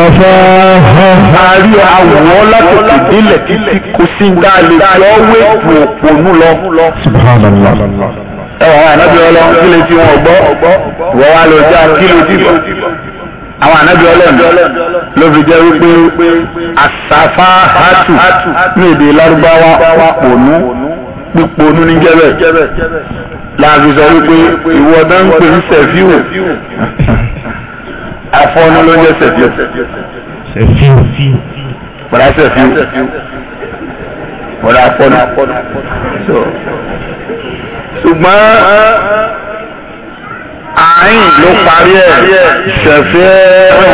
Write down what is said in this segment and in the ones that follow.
àárí àwọ̀ látòkè délẹ̀ títí kò sí ń dáa lè fi ọwọ́ ètò òpònú lọ. ẹ wọ́n ànábì ọlọ́run kí lè ti wọn gbọ́ wọ́n wá lọ já kí ló dìbò àwọn ànábì ọlọ́run ló fi jẹ́ wípé àsàfà hátù ní èdè lárúbáwá òpònú píponú ní jẹ́bẹ̀ láàbí sọ wípé ìwọ náà ń pè ń sẹ̀fíwò. afọ́nú ló jẹ́ sẹ̀fíù. sẹ̀fíù. bọ̀dá sẹ̀fíù. bọ̀dá afọ́nú. ṣùgbọ́n àárín ló parí ẹ̀ sẹ̀fíù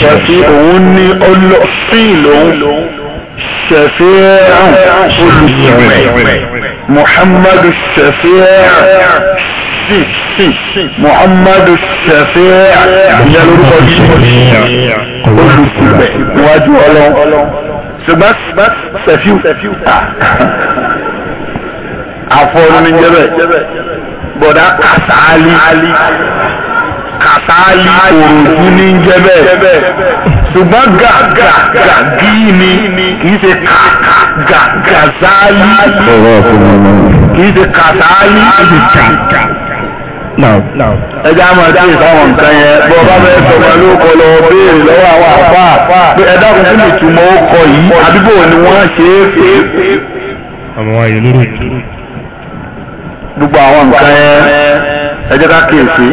sẹ̀fíù òun ní olófin lòun شفيع الشفيع محمد الشفيع muhammadu shafi'i ìyá lórúkọ yìí olùsùpẹ̀ iwájú ọlọ́run ṣùgbọ́n ṣẹ̀fíù àfọ́nù ní jẹ́bẹ̀ bọ̀dá kàtàálì kàtàálì òròjú ní jẹ́bẹ̀ ṣùgbọ́n gàgà gàgí ni kì í ṣe kàkà gàgàzálì kì í ṣe kàtàálì kì í ṣe kàkà. ẹjẹ́ àmọ́ tí ìsáwọn nǹkan yẹn bọ́ bá bẹ́ẹ̀ sọmọ lóko lọ béèrè lọ́wọ́ àwọn àfà pé ẹ dákun sí ìtumọ̀ ó kọ yìí ni wọ́n ṣe é pé. àwọn ayé lórí ìlú. gbogbo àwọn nǹkan yẹn ẹjẹ́ ká kíyèsí.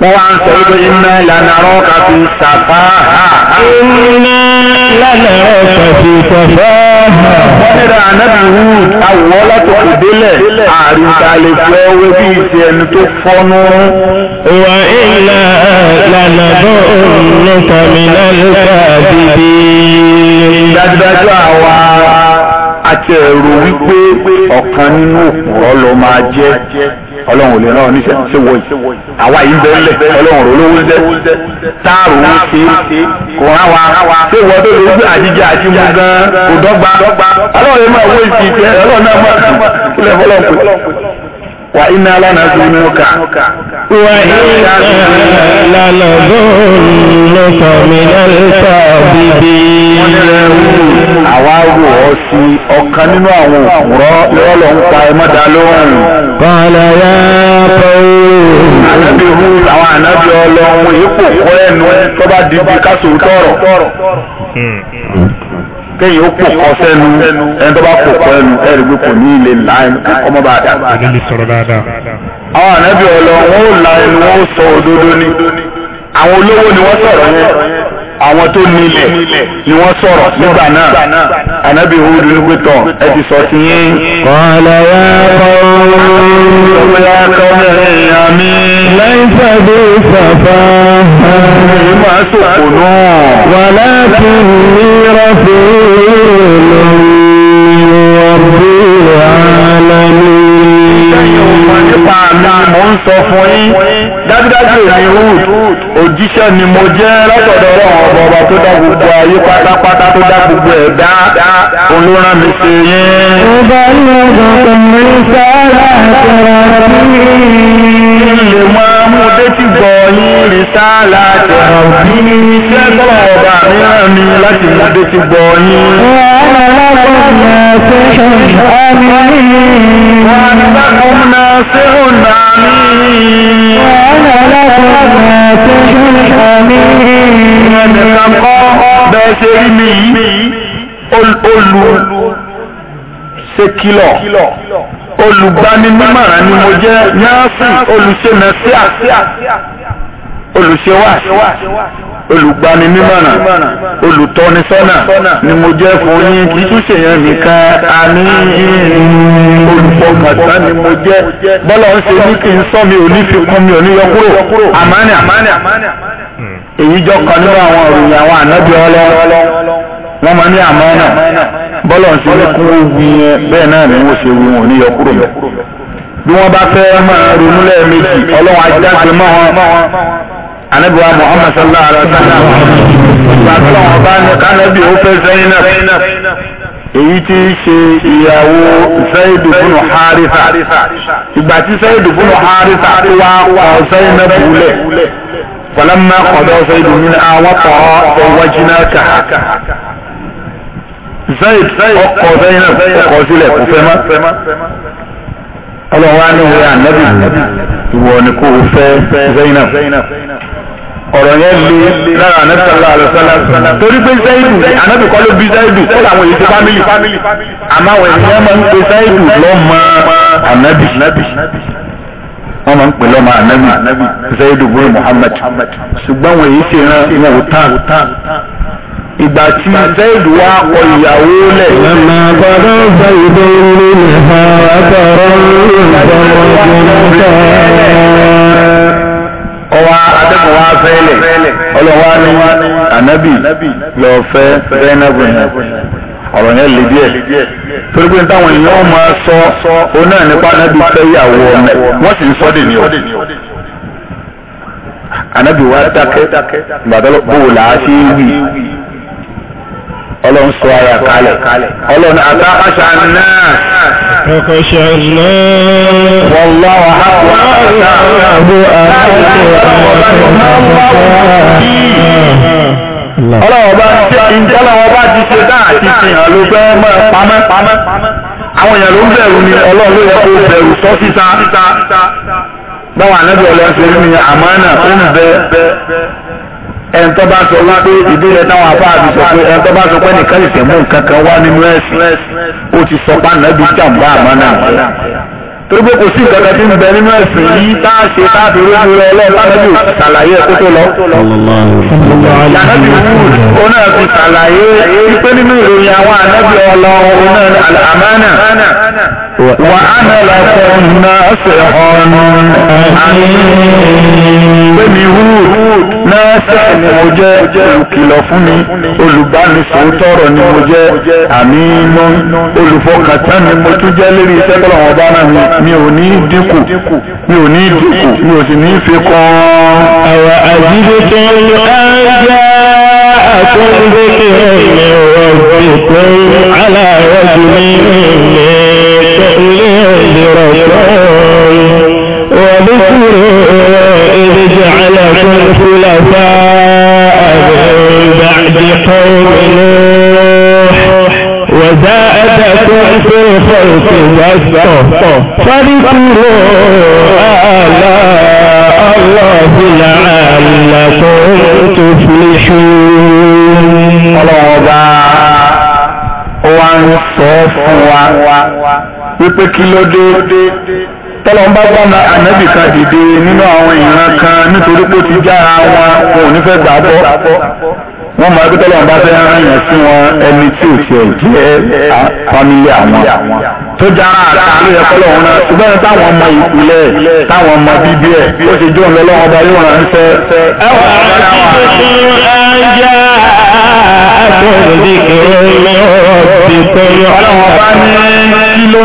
wọ́n wá ń sọ wípé iná lànàrọ́ ká fi sàfá ha. iná lànàrọ́ ká fi sàfá ha. wọ́n ní ra anábì wood àwọ̀ látòkè délẹ̀ àríkàlẹ̀ fi ọwọ́ bí ìṣe ẹni tó fọ́nú. wà iná lànàrọ́ nǹkan mi lálùkà bíbí. dájúdájú àwa àti ẹ̀rù wípé ọ̀kan nínú òkúrọ̀ ló máa jẹ́ ọlọ́run ò lè rán oníṣẹ́ ṣé wọ yìí àwa yìí bẹ́ẹ̀ lẹ̀ ọlọ́run rò lówó jẹ́ táàrù ó ṣe kò rán wa ṣé wọ́n tó lè gbé àjíjẹ àti mu gan kò dọ́gba ọlọ́run yẹn máa wọ ìfì ọlọ́run náà máa kú lẹ́fọ́ lọ́pẹ́. Wa وإنا لنظنك وإنا لنظنك من الكاذبين àwa rò ọ́ sí ọ̀kan nínú àwọn òkúrọ́ lọ́lọ́ ń pa ẹ mọ́dá lóhùn. kọ́lá yá bọ́ọ̀. ànábì hu àwọn awa ọlọ́run èèpò kọ́ ẹnu tó bá di dibi ká sòótọ́ ọ̀rọ̀. Hmm. kéyìn ó pò kọ́ sẹ́nu ẹni tó bá pò kọ́ ẹnu ẹ̀rí pé kò ní ilé là ẹnu kọ́ mọ́ bá dà. àwọn ànábì ọlọ wọn la ẹnu wọn ò sọ òdodo ni àwọn olówó ni wọ́n sọ̀rọ̀ yẹn àwọn tó nílẹ̀ ni wọ́n sọ̀rọ̀ nígbà náà ànábì Hud ní pẹ̀tọ̀ ẹ ti sọ ti yín. qala ya qawm ya qawm ẹ̀yà mi. laysa bi safaha. èyí máa sòkò náà. walakinni rasulun rabbil alamin. sẹ́yìn òun nípa àmì mò ń sọ fún yín dájúdájú ìrìn wood òjíṣẹ́ ni mo jẹ́ látọ̀dọ̀ ọlọ́run ọba ọba tó dá gbogbo ayé pátápátá tó dá gbogbo ẹ̀dá òun ló rán mi ṣe yín. ọba ní ọgbọ̀n mi sára àtọ̀rọ̀ mi. ilé máa mú détí gbọ́ yín rí sára àtọ̀rọ̀ mi. iṣẹ́ tọ́lọ̀ ọba mi rán mi láti mú détí gbọ́ yín. wọ́n á lọ́kọ̀ọ́ yẹn ṣe ṣe àmì. wọ́n á ní bá gómìnà ṣé òun náà ní. rí mi yìí olù sekilọ olùgbaninímọ̀ràn ni mo jẹ́ yáàfù olùṣemẹ̀síà olùṣewà olùgbaninímọ̀ràn olùtọ́nisọ́nà ni mo jẹ́ fún yín kì í tún ṣèyàn nìkan àní olùfọkàntán ni mo jẹ́ bọ́lá ń ṣe ní kí n sọ mi ò ní fi kún mi ò ní yọ kúrò àmánì àmánì àmánì èyí jọ kan nínú àwọn òròyìn àwọn ànábì ọlọ wọn máa ní àmánà bọlọ ń ṣe kú wí yẹn bẹ́ẹ̀ náà ni wọn ṣe wí wọn ní yọkúrò mẹ bí wọn bá fẹ́ máa ronú lẹ́ẹ̀mejì Ọlọ́run ajáde mọ wọn ànábì wa Muhammad sallallahu alaihi wa sallam gbàgbọ́ wọn bá ní kánábì ó fẹ́ sẹ́yìn náà èyí tí ṣe ìyàwó Zaidu fún Haritha ìgbà tí Zaidu fún Haritha tó wá kọ Zainabu lẹ̀. فلما قضى زيد منها وطرا زوجناكها زيد ọkọ Zainab ọkọ sílẹ̀ kò fẹ́ mọ́ ọlọ́wọ́ aníwèé ànábì ìwọ ni kò fẹ́ Zainab ọ̀rọ̀ yẹn le lára ànábì sallallahu alaihi wasallam torí pé Zaidu ànábì kọ́ ló bí Zaidu kó làwọn èyí ti fámìlì àmọ́ àwọn ń pe Zaidu lọ́mọ ànábì wọ́n máa ń pè lọ́mọ anabi zayidu bin muhammad ṣùgbọ́n wọ́n yìí ṣe rán wọn ò tán ìgbà tí zayidu wá kọ ìyàwó lẹ̀. ọmọ gbọ́dọ̀ zayidu ní ìhà àtọrọ ìgbọmọgbọmọgbọ. ọwọ́ adẹ́kùn wa fẹ́lẹ̀ ọlọ́wọ́ ni anabi lọ́ọ́ fẹ́ fẹ́ ọ̀rọ̀ yẹn le díẹ̀ torí pé táwọn èèyàn máa sọ ọ náà nípa anábì fẹ́ yàwó ọmọ wọ́n sì ń sọ dè ní o anábì wa dákẹ́ ìgbàdọ́lọ́ la ṣe wí ọlọ́run sọ ara kalẹ̀ ọlọ́run àtà àṣà náà. ọkọ̀ṣà náà. wọ́lá wà á wà ọlọ́wọ́ba ọlọ́wọ́ba ti ṣe dá àti fihàn ló fẹ́ mọ́ pamẹ́ àwọn èèyàn ló ń bẹ̀rù ni ọlọ́run ló yẹ kó bẹ̀rù sọ síta báwọn ànábì ọlọ́sẹ̀ ní àmọ́nà ó ń bẹ ẹ̀ńtọ́ bá sọ wá pé ìbílẹ̀ táwọn afáàbí sọ pé ẹ̀ńtọ́ bá sọ pé nìkan ìfẹ̀mú nǹkan kan wá nínú ẹ̀sìn ó ti sọ pé ànábì jàǹbá àmọ́nà. torí pé kò sí nǹkan kan tí ń bẹ nínú ẹ̀sìn yìí tá a ṣe tá a fi rójú rẹ lọ́ọ̀tàjú ṣàlàyé ẹ̀kọ́ tó lọ. yàtọ̀jú wù ọ̀nà fi ṣàlàyé wípé nínú ìròyìn àwọn ànábì ọlọ́run ọ̀nà àmánà. وأنا لكم ناصح عليم Bẹ́ẹ̀ni Hood náà sẹ́ẹ̀ ni mo jẹ́ olùkìlọ̀ fún mi, olùbánisòótọ́rọ̀ ni mo jẹ́, àmì iná, olùfọkàntán ni mo tún jẹ́ lérí iṣẹ́ tọ́lọ̀ wọn bá náà mi, mi ò ní dínkù, mi ò ní dínkù, mi ò sì ní fi kan. Àwọn àjíjẹ́ tó ń lo ẹ̀jẹ̀ àtúndókè ẹ̀mí ọ̀rọ̀ ìpẹ́ على رجل bọ̀ òkè wọ́sọ̀ fáríkúrò àlá ọlọ́bìnà àlàkó tó fi ṣú. ọlọ́ọ̀bá wa ń sọ fún wa wípé kí ló dé tọ́lọ́mbá bá ànábì kan dìde nínú àwọn ìran kan nítorí pé ó ti jára wọn òun nífẹ̀ẹ́ gbàgbọ́ wọ́n máa gbẹ́tẹ́lẹ̀ àwọn bá fẹ́ rán yẹn sí wọn ẹni tí ò tiẹ̀ jẹ́ fámílì àwọn tó jára àta ló yẹ kọ́lọ̀ wọn náà ṣùgbọ́n táwọn ọmọ ìpìlẹ̀ táwọn ọmọ bíbí ẹ̀ ó ṣe jó ńlọ lọ́wọ́ ọba yóò ránṣẹ́. ẹwà tuntun ajá ọlọ́wọ́n bá ní kí ló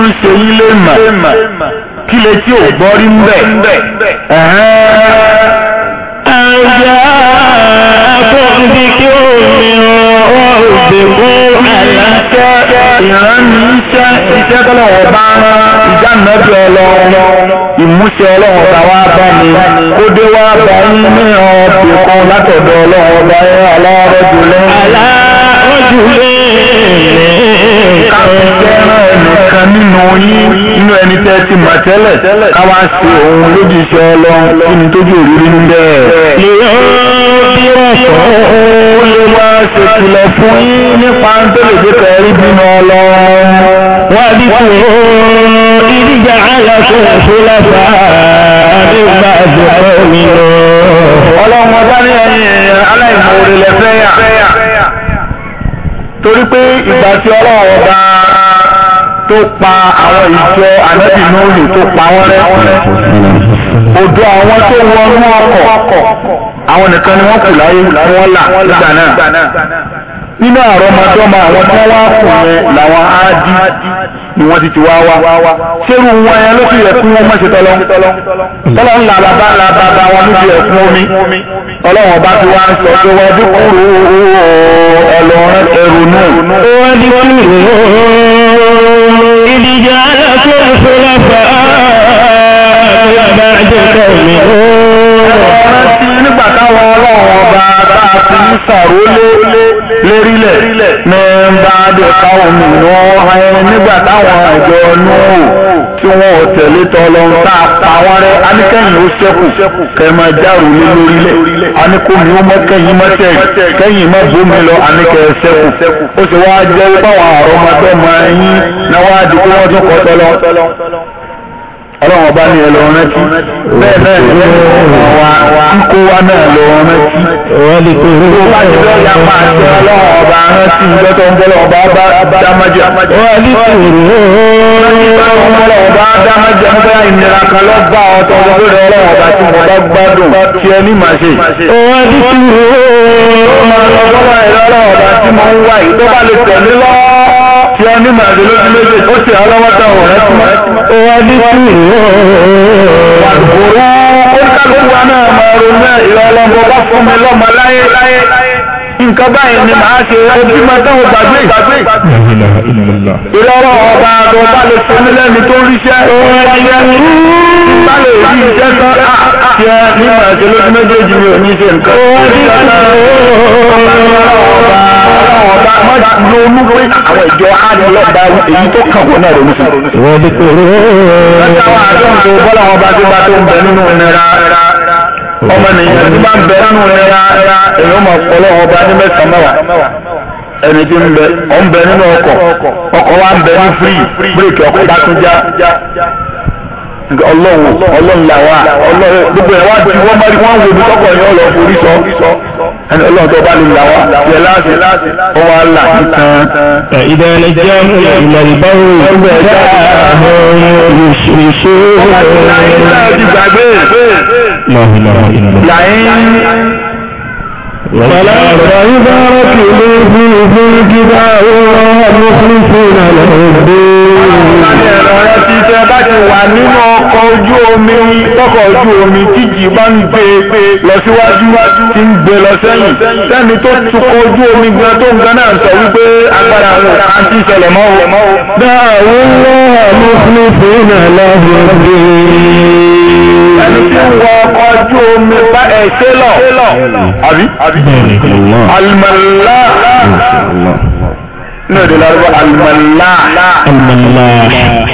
ń ṣe yín lè mà kí lè tí ò gbọ́ rí ń bẹ̀. tọ́lọ̀ wọn bá ìjánàbí ọlọ́run ìmúṣẹ ọlọ́run ọba wa bá mi kó dé wá bá ń ní ọbẹ̀ kan látọ̀dọ̀ ọlọ́run ọba ẹ alárọ́jù lẹ́yìn. alárọ́jù lẹ́yìn. káfíń fẹ́ràn ẹnìkan nínú yín nínú ẹni tẹ́ ti mọ̀ tẹ́lẹ̀ káwá ṣe òun lójú iṣẹ́ ọlọ́run kí ni tójú òrìrì ń bẹ́ẹ̀ rẹ̀ṣọ́ ó lè wá ṣèkìlọ̀ fún yín nípa tó lè dé kẹrí bínú ọlọ́run wọ́n bí kò ìdíjà aláṣọ ìṣúlẹ̀fà nígbà ìjọba omi lọ. ọlọ́run ọba ní ẹ̀yìn aláìmoore lẹ́fẹ́ yà torí pé ìgbà tí ọlọ́run ọba tó pa àwọn ìjọ ànábì Nóòhù tó pa wọ́n rẹ́ odò àwọn tó wọnú ọkọ̀ àwọn nìkan ni wọ́n kù láyé wọ́n là nígbà náà nínú àrọmọdọ́mọ àwọn tí wọ́n wá kù yẹn làwọn áádì ni wọ́n ti ti wá wá ṣérú wọn yẹn ló fi yẹ kí wọ́n má ṣe tọ́lọ́ tọ́lọ́ ń la bàbá la bàbá wọn níbi ẹ̀kún omi ọlọ́wọ́n bá ti wá ń sọ pé wọ́n dín kúrò ẹrù náà. wọ́n dín kúrò ìdíjà alákòóso lọ́fà á bàjẹ́ kọ́ mi ní nígbà táwọn ọlọ́run ọba bá a ti ń sàró lé lérílẹ̀ ní bá a dé káwọn mìíràn ẹ nígbà táwọn àjọ núhù tí wọn ò tẹ̀lé tọlọ́run tá a pa wọn rẹ anikẹ́yìn ó ṣẹ́kù kẹ́ máa járò lé lórílẹ̀ anikómi ó mọ kẹ́yìn mọ́ tẹ̀yìn kẹ́yìn mọ́ bómi lọ anikẹ́ ṣẹ́kù ó sì wá jẹ́ báwọn àrọ́mọdọ́mọ ẹ̀yìn náwó àdìgbò wọn tún kọ́ tọ́lọ́ ọlọ́run ọba ní ẹlọ rántí bẹ́ẹ̀ bẹ́ẹ̀ ní wa kíkó wa náà lọ rántí tó bá ti lọ ya máa ṣe ọlọ́run ọba rántí lọ́tọ̀ ń bọ́lọ̀ ọba bá dámájà rántí bọ́lọ̀ ọba dámájà ń bá ìnira kan lọ bá ọtọ lórí ọlọ́run ọba tí mo bá gbádùn tí ẹ ní màá ṣe. ọlọ́run ọba tí mo ń wá yìí tó bá lè tẹ̀lé lọ́wọ́ tí a ní màdé lójú méjì ó ti aláwọ́ta ọ̀rẹ́ tí ó wá ní sùúrù. Wàlúùrù ó kálukú wa náà máa ronú ìrọ̀lọ́mọ bá fún mi lọ́mọ láyé láyé láyé nǹkan báyìí ni màá ṣe ojú mọ tó gbàgbé. ìlọ́wọ́ ọba àgbọ̀ bá lè sọmí lẹ́ni tó ríṣẹ́ ọ̀rẹ́ bá lè rí iṣẹ́ tán àti nígbà tí lójú méjèèjì mi ò ní ṣe nǹkan. Má lo olú pé àwọn ìjọ ánilọ́gba èyí tó kàn wọ́n náà ronú sí. Wọ́n ti pèrè. Lọ́jọ́ àwọn àjọ ìṣòwò bọ́lá wọn tó bá tó ń bẹ nínú ìnira ọmọ nìyẹn tí bá ń bẹ nínú nira ẹra èèyàn máa pọ̀ lọ́wọ́ ọba ní mẹ́sàn-án mẹ́wàá ẹni tí ń bẹ ọ̀ ń bẹ nínú ọkọ̀ ọkọ̀ wa ń bẹ ní fírì bírèkì ọkọ̀ bá tún já ọlọ́run ọlọ́run làwà ọlọ́run gbogbo ẹ̀ wá ju wọ́n bá rí wọ́n wo ibi tọ́kọ̀ yẹn lọ forí sọ ẹni ọlọ́run tó bá lè làwà jẹ láti ó wá là nìkan. ìdá ẹni jẹ́ ìlẹ̀ ìbáwò ìgbà ẹ̀dá àwọn ìṣòṣò. ọba tí láyé láyé ti gbàgbé. láyé. فلما إذا ركبوا في الفلك دعوا الله مخلصين له nínú ọkọ̀ ojú omi ọkọ̀ bá ń gbé lọ síwájú tí ń gbé lọ sẹ́yìn sẹ́ni tó tukọ̀ ojú omi gan tó ń gan náà sọ wípé agbára àwọn àti ìṣẹ̀lẹ̀ mọ́ o. dáhùn lọ́wọ́ ló fún ìfẹ́ náà lábẹ́ ẹni tí ń wọ ọkọ̀ ojú omi bá ẹ̀ sélọ̀ àbí alimọ̀lá ní èdè lárúbọ alimọ̀lá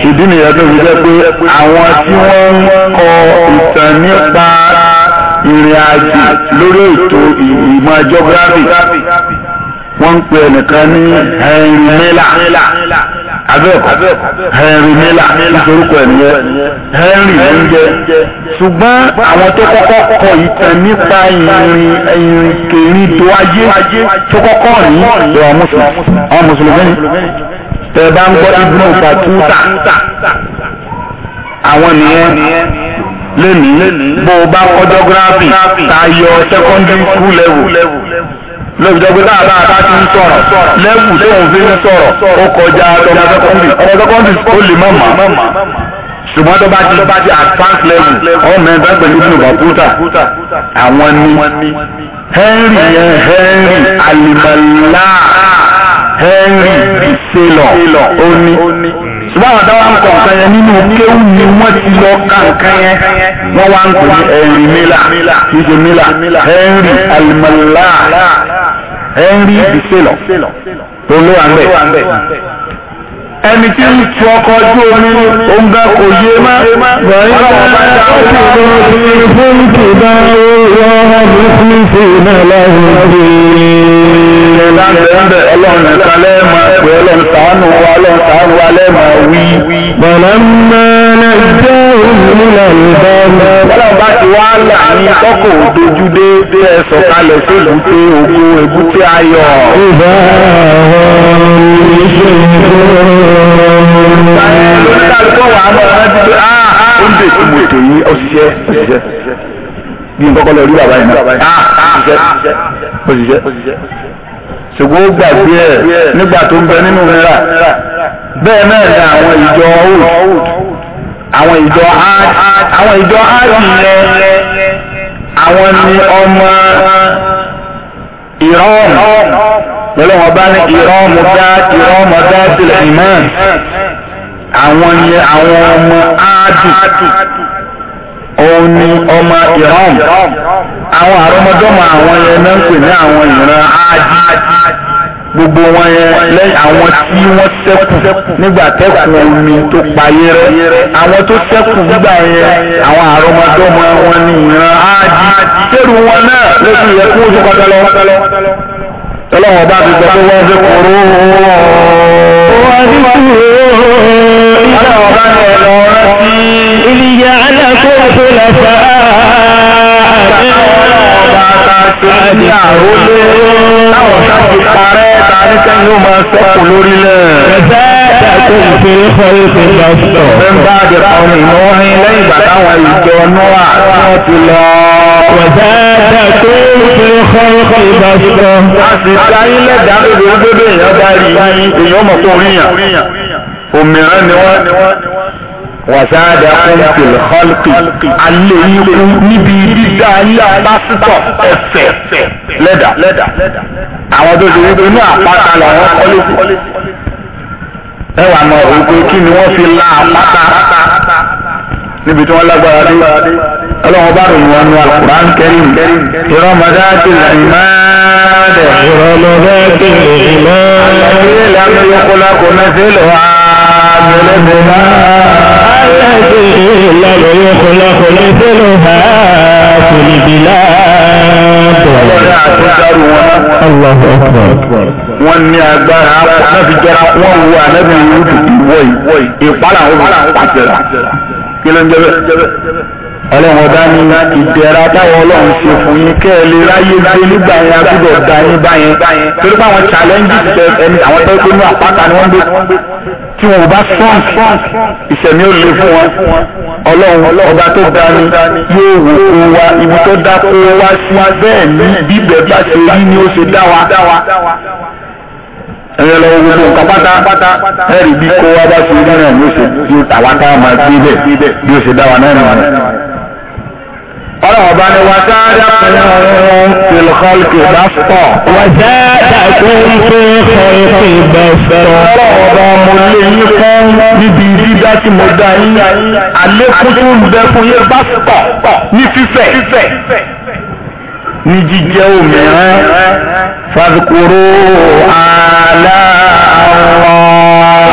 ìdí nìyẹn tó fi jẹ́ pé àwọn tí wọ́n kọ ìtàn nípa ìrìn àjò lórí ètò ìmọ̀ geography wọ́n ń pe ẹnìkan ní Henry Miller abẹ́ẹ̀kọ́ Henry Miller nítorúkọ ẹ̀nìyẹ Henry ló ń jẹ ṣùgbọ́n àwọn tó kọ́kọ́ kọ ìtàn nípa ìrìn ìrìn kèrìndò ayé tó kọ́kọ́ rí ìwà mùsùlùmí àwọn mùsùlùmí tẹ̀ bá ń gbọ́ ibùdó ìgbà túta àwọn nìyẹn lónìí bó o bá kọ́ geography tayọ secondary school level lọ́sọ̀dọ́gbé dáadáa tá ti ń sọ̀rọ̀ lẹ́wù tó ń fi ń sọ̀rọ̀ ó kọjá ọmọ sẹ́kọ́ndì ó lè má mà ṣùgbọ́n tó bá ti bá ti advance level ọmọ ẹ̀dá pẹ̀lú ibùdó bàbúta àwọn ni Henry yẹn Henry alimala Henry biselọ ó ní ṣùgbọ́n àwọn táwọn ń yẹn nínú kéwù ni wọ́n ti lọ ká yẹn wọ́n wá ń pè ní Henry miller Henry alimala henry biselo tó ló wà ńbẹ ẹni tí ń tu ọkọ̀ ojú omi òǹgà kò yé e má e bẹ̀rẹ̀ náà bá dá òkè lọ́wọ́ sí i fún ìdá ọ̀rọ̀ ọ̀bí fún ìfìmọ̀ láwùjọ. ìlànà ẹ̀ńdẹ̀ ọlọ́run ẹ̀ka lẹ́ẹ̀mọ ẹ̀pẹ́ ọlọ́run ṣàánú wa ọlọ́run ṣàánú wa lẹ́ẹ̀mọ wí. bàlámà nàìjíríà ìlú nàìjíríà tọ́lọ́run bá ti wá là ní tọ́kọ̀ òdojú dé dé ẹ sọ̀kalẹ̀ sí èbúté ògo èbúté ayọ̀. ìbá àwọn ìṣòro. olùdarí wà á mọ̀ rántí pé á á ó ń dèjì mọ̀tò yìí òṣìṣẹ́ òṣìṣẹ́ bí n kọ́kọ́ lọ rí bàbá yìí náà á òṣìṣẹ́ òṣìṣẹ́ ṣùgbọ́n ó gbàgbé ẹ̀ nígbà tó ń bẹ nínú náírà bẹ́ẹ̀ náà ni àwọn ìjọ old àwọn ìjọ àwọn ìjọ àdìyẹ àwọn ni ọmọ ìrọ́ọ̀mù pẹ̀lú wọn bá ní ìrọ́ọ̀mù dá ìrọ́ọ̀mù dá sílẹ̀ ìmọ̀ àwọn ni àwọn ọmọ àdù òun ni ọmọ ìrọ́ọ̀mù àwọn àrọ́mọdọ́mọ àwọn yẹn náà ń pè ní àwọn ìran àdì gbogbo wọn yẹn lẹ́yìn àwọn tí wọ́n ṣẹ́kù nígbà tẹ́kùn omi tó payé rẹ́ àwọn tó ṣẹ́kù nígbà yẹn àwọn àrọmọdọ́mọ wọn ní ìran áàdì tẹ́rù wọn náà lẹ́sìn yẹ kó oṣù kọjá lọ. tọ́lọ́wọ́n bá ti sọ pé wọ́n fi kúrú. wọ́n ti kúrú. yóò máa sẹ́kù lórílẹ̀. ẹ̀sẹ̀ ẹ̀kọ́ ìfèrè kọ́ ètò ìbásọ̀. bẹ́ńbà àdìpọ̀ mi ni wọ́n ní lẹ́yìn ìgbà táwọn ìjọ noa tí wọ́n ti lọ. ẹ̀sẹ̀ ẹ̀kọ́ ìfèrè kọ́ ètò ìbásọ̀. alẹ́ yín níbi dídá yín abásítọ̀ ẹ̀fẹ̀ lẹ́dà àwọn tó ṣe wípé inú àpáta làwọn kọ́lé sí. ẹ wà mọ wípé kí ni wọ́n fi la àpáta níbi tí wọ́n lágbára dé ọlọ́run bá ròyìn wọn ní alukuran kẹrin ìrọmọdé àti ìmáàdẹ. ìrọmọdé àti ìmáàdẹ. àlàyé ìlànà yòókù lákòó náà sí lè wá mẹlẹ́gbẹ̀ẹ́ náà. àlàyé ìlànà yòókù lákòó náà sí lè wá agbára àtúndárù wọn wọn ní agbára láti jọra wọn wo ànábì yìí ìpàlà wọn pàtẹ́ra kí ló ń jẹ́ bẹ́ẹ̀ ọlọ́run ọba ní ìdẹ̀ra táwọn ọlọ́run ṣe fún yín kẹ́ ẹ lè ráyé gbé nígbà yẹn agbúdọ̀ da yín báyẹn torí pé àwọn challenges ṣe ẹni àwọn tó gbé ní àpáta ni wọ́n gbé tí wọn ò bá strong ìṣẹ̀mí ò lè fún wọn ọlọ́run ọba tó dá ni yóò wò ó wa ibi tó dá kó wá sí bẹ́ẹ̀ ní bíbẹ̀ bá ṣe rí ni ó ṣe dá wa ẹyẹ lọ wo gbogbo nǹkan pátá ẹ̀rí bí kó wá bá ṣe rí náà ni ó ṣe bí tàwa táwọn máa gbé bẹ́ẹ̀ bí ó ṣe dá wa náà nìyẹn ọlọ́wọ́ bá ní wàtá dákun fìlkọ́lùkì bá fọ́. wàtá dákun fìlkọ́lùkì bá fọ́. ọlọ́wọ́ bá mo lé yín fún níbi dídá tí mo dá yín àlékún tó ń bẹ fún yín bá fọ́ ní fífẹ̀ ní jíjẹ́ òmíràn fàdúkúrò àlá àwọn.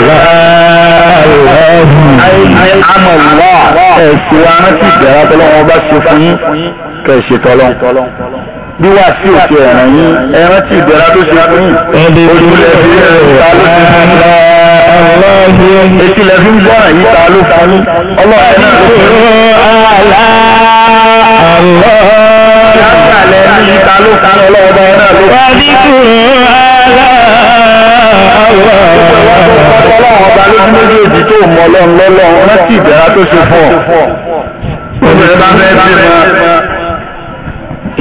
àmọ̀ wà ẹ̀sùn arántí ìdára tọ́lọ́wọ́n bá ṣe fún yín kẹ̀ṣẹ̀ tọ́lọ́ bí wà sí òkè ẹ̀ràn yín ẹran tí ìdára tó ṣe fún yín ojúlẹ̀ fi ta ló lẹ fi ń gbọ́ àyín ta ló fún yín ọlọ́run náà ló fún yín. Ìyá ń kàlẹ́ ní ló fún ọlọ́wọ́ bá ọ náà ló fún yín ọlọ́run ọba lójú méjèèjì tó mọ ọlọ́run lọ́lọ́run rántí ìdára tó ṣe fún ọ. obìnrin bá fẹ́ bímọ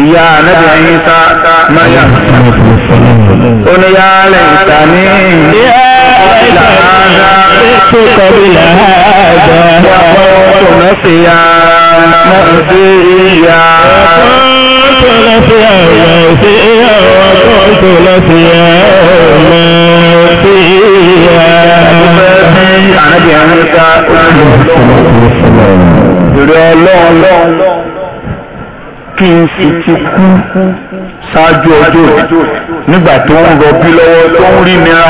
ìyá anábì Ìsá máyà ó ní yá lẹ́yìn tani ìlà ájá tó kọ́bí làájá wọ́n tó mẹ́sì yá mẹ́sì yá tó lọ́sí àwọn ìṣe ìyá wọ́n tó lọ́sí yá. ànábì amẹ́ríkà ìrẹ́ ọlọ́run kí n sì ti kú ṣáájú ọjọ́ nígbà tó ń rọbí lọ́wọ́ tó ń rí nira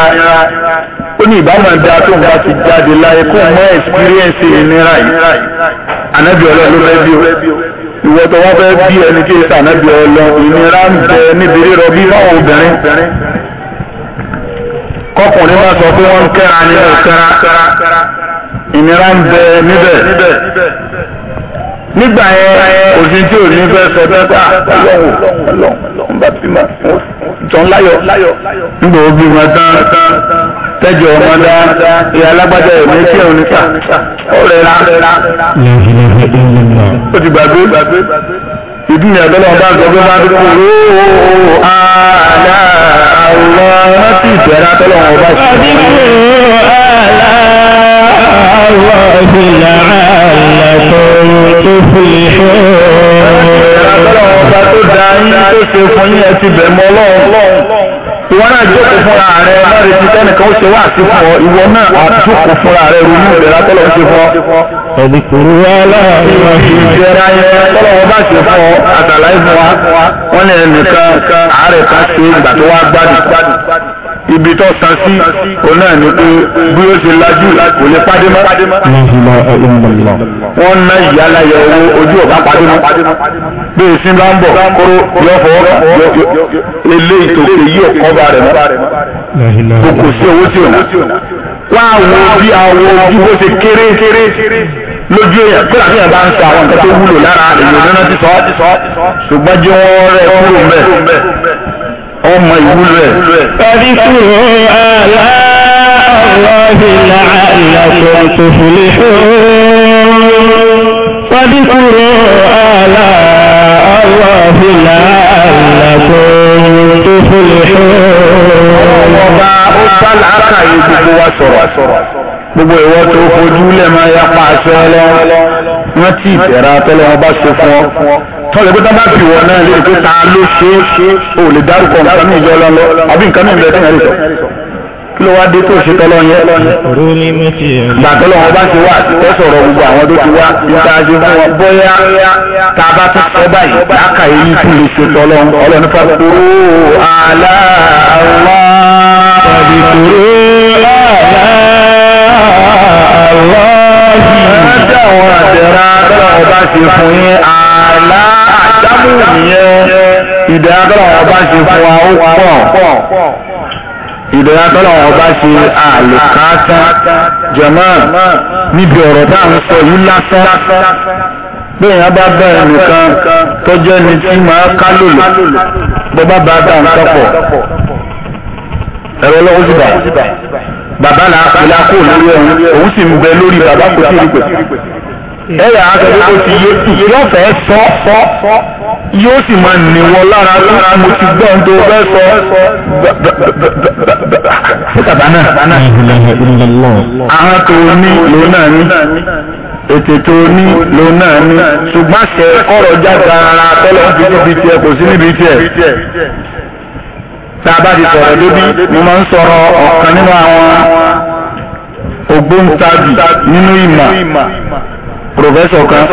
ó ní ìbámu ẹ̀dá tó ń bá ti jáde láyé kó mọ́ ẹ̀sìpírẹ́ǹsì ìnira yìí ànábì ọlọ́run ló fẹ́ bí o ìwọ́tọ̀ wọn fẹ́ bí ẹni kí ẹ̀sà ànábì ọlọ́run ìnira ń bẹ níbi rírọbí fáwọn obìnrin kọkùnrin bá sọ pé wọ́n ń kẹ́ra nínú ìkẹ́ra ìnira ń bẹ níbẹ̀ nígbà yẹn òsì tí ò ní fẹ́ sọ dẹ́gbà ọlọ́wọ́ ọlọ́wọ́ nígbà tí ma jọ ńláyọ̀ nígbà ó bí wọn tán tẹ́jọ ọmọ dá ìyá alágbádá ẹ̀ ní kíẹ̀ oníkà ó rẹ̀ ó ti gbàgbé ìdí ìyàtọ̀ náà bá sọ pé máa dúró ooo àlà àwọn rántí ìbẹ̀rẹ̀ atọ́lọ́ wọn bá sọ. àlà àwọn ìlà àlàkùn tó fi ṣe. ìbẹ̀rẹ̀ atọ́lọ́ wọn bá tó dá yín tó ṣe fún yín ẹ ti bẹ̀ mọ́ ọlọ́run ìwọ náà jókòó fúnra rẹ lọ́rẹ̀ tí tẹ́nìkan ó ṣe wá sí fún ọ ìwọ náà àjókòó fúnra rẹ ronú ìlera tọ́lọ̀ ń ṣe fún ọ. ẹ̀dùkúrú aláàbò ìjẹra yẹn tọ́lọ̀wọ́ bá ṣe fún ọ àtàlà ìfún wa wọ́n ní ẹnìkan àárẹ̀ ká ṣe ìgbà tó wá gbádùn ibi tó san sí òun náà ni pé bí ó ṣe lajú kò lè pàdé mọ́. wọ́n ná ìyálàyẹ owó ojú ọ̀gá pàdé mọ́. bí èsì bá ń bọ̀ kóró yọ fọwọ́ eléyìí tó ṣe yí ọ̀kọ́ba rẹ̀ mọ́. kò kò sí owó tí ò ná. wá àwọn ojú àwọn ojú bó ṣe kéré lójú èèyàn kí làbí bá ń sọ àwọn nǹkan tó wúlò lára èèyàn náà ti sọ ṣùgbọ́n jẹ́ wọ́n rẹ̀ kúrò ń ọmọ ìwúlò ẹ̀. fadhkuru ala Allahi la'allakum tuflihun. fadhkuru ala Allahi la'allakum tuflihun. ọba ó bá làákàyè gbogbo wa sọ̀rọ̀ gbogbo ìwọ tó fojú lẹ́ẹ̀ma yapa àṣẹ ọlọ́run rántí ìtẹ̀ra tọ́lọ́run bá ṣe fún ọ tọ́lẹ̀ pé tábà fi wọ̀ náà lè pé ta ló ṣe é o lè dárúkọ nǹkan ní ìjọ lọ́lọ́ àbí nǹkan ní ìbẹ̀rẹ̀ tẹ̀yẹ̀ lè sọ kí ló wá dé tó ṣe tọ́lọ́ yẹn gbàtọ́lọ́ wọn bá ti wà tẹ́sọ̀rọ̀ gbogbo àwọn tó ti wá níta ṣe fún wọn bóyá tá bá tún sọ báyìí láka èyí kú lè ṣe tọ́lọ́ ọlọ́ni fàkúrú àlá àwọn fàkúrú àlá. ìdẹ̀ra tọ́lọ̀ ọba ṣe fún yín àlá àjámù nìyẹn ìdẹ̀ra tọ́lọ̀ ọba ṣe fún wa ó pọ̀ ìdẹ̀ra ọba ṣe àlùkátà jẹ̀mọ́ níbi ọ̀rọ̀ ń sọ yìí lásán bá nìkan tọ́jọ́ ni tí ká lòlò bọ́bá bá dà ń tọ́pọ̀ ẹ̀rọ bàbá làákùlá kò lórí ẹ̀hún òun sì ń bẹ lórí bàbá ẹ̀rẹ̀ àgbẹ̀ ó ti yóò fẹ́ sọ yóò sì máa níwọ lára lára mo ti gbọ́ ohun tó fẹ́ sọ fún bàbá náà. àwọn tó ní ló náà ní ètè tó ní ló náà ní ṣùgbọ́n ṣe kọ́rọ̀ jáde ara tọ́lọ́ ń fi níbi tiẹ̀ kò sí níbi tiẹ̀ tá a bá ti sọ̀rọ̀ débi mo máa ń sọ̀rọ̀ ọ̀kan nínú àwọn ògbóǹtagì nínú ìmọ̀ pòfẹ́sọ̀ kan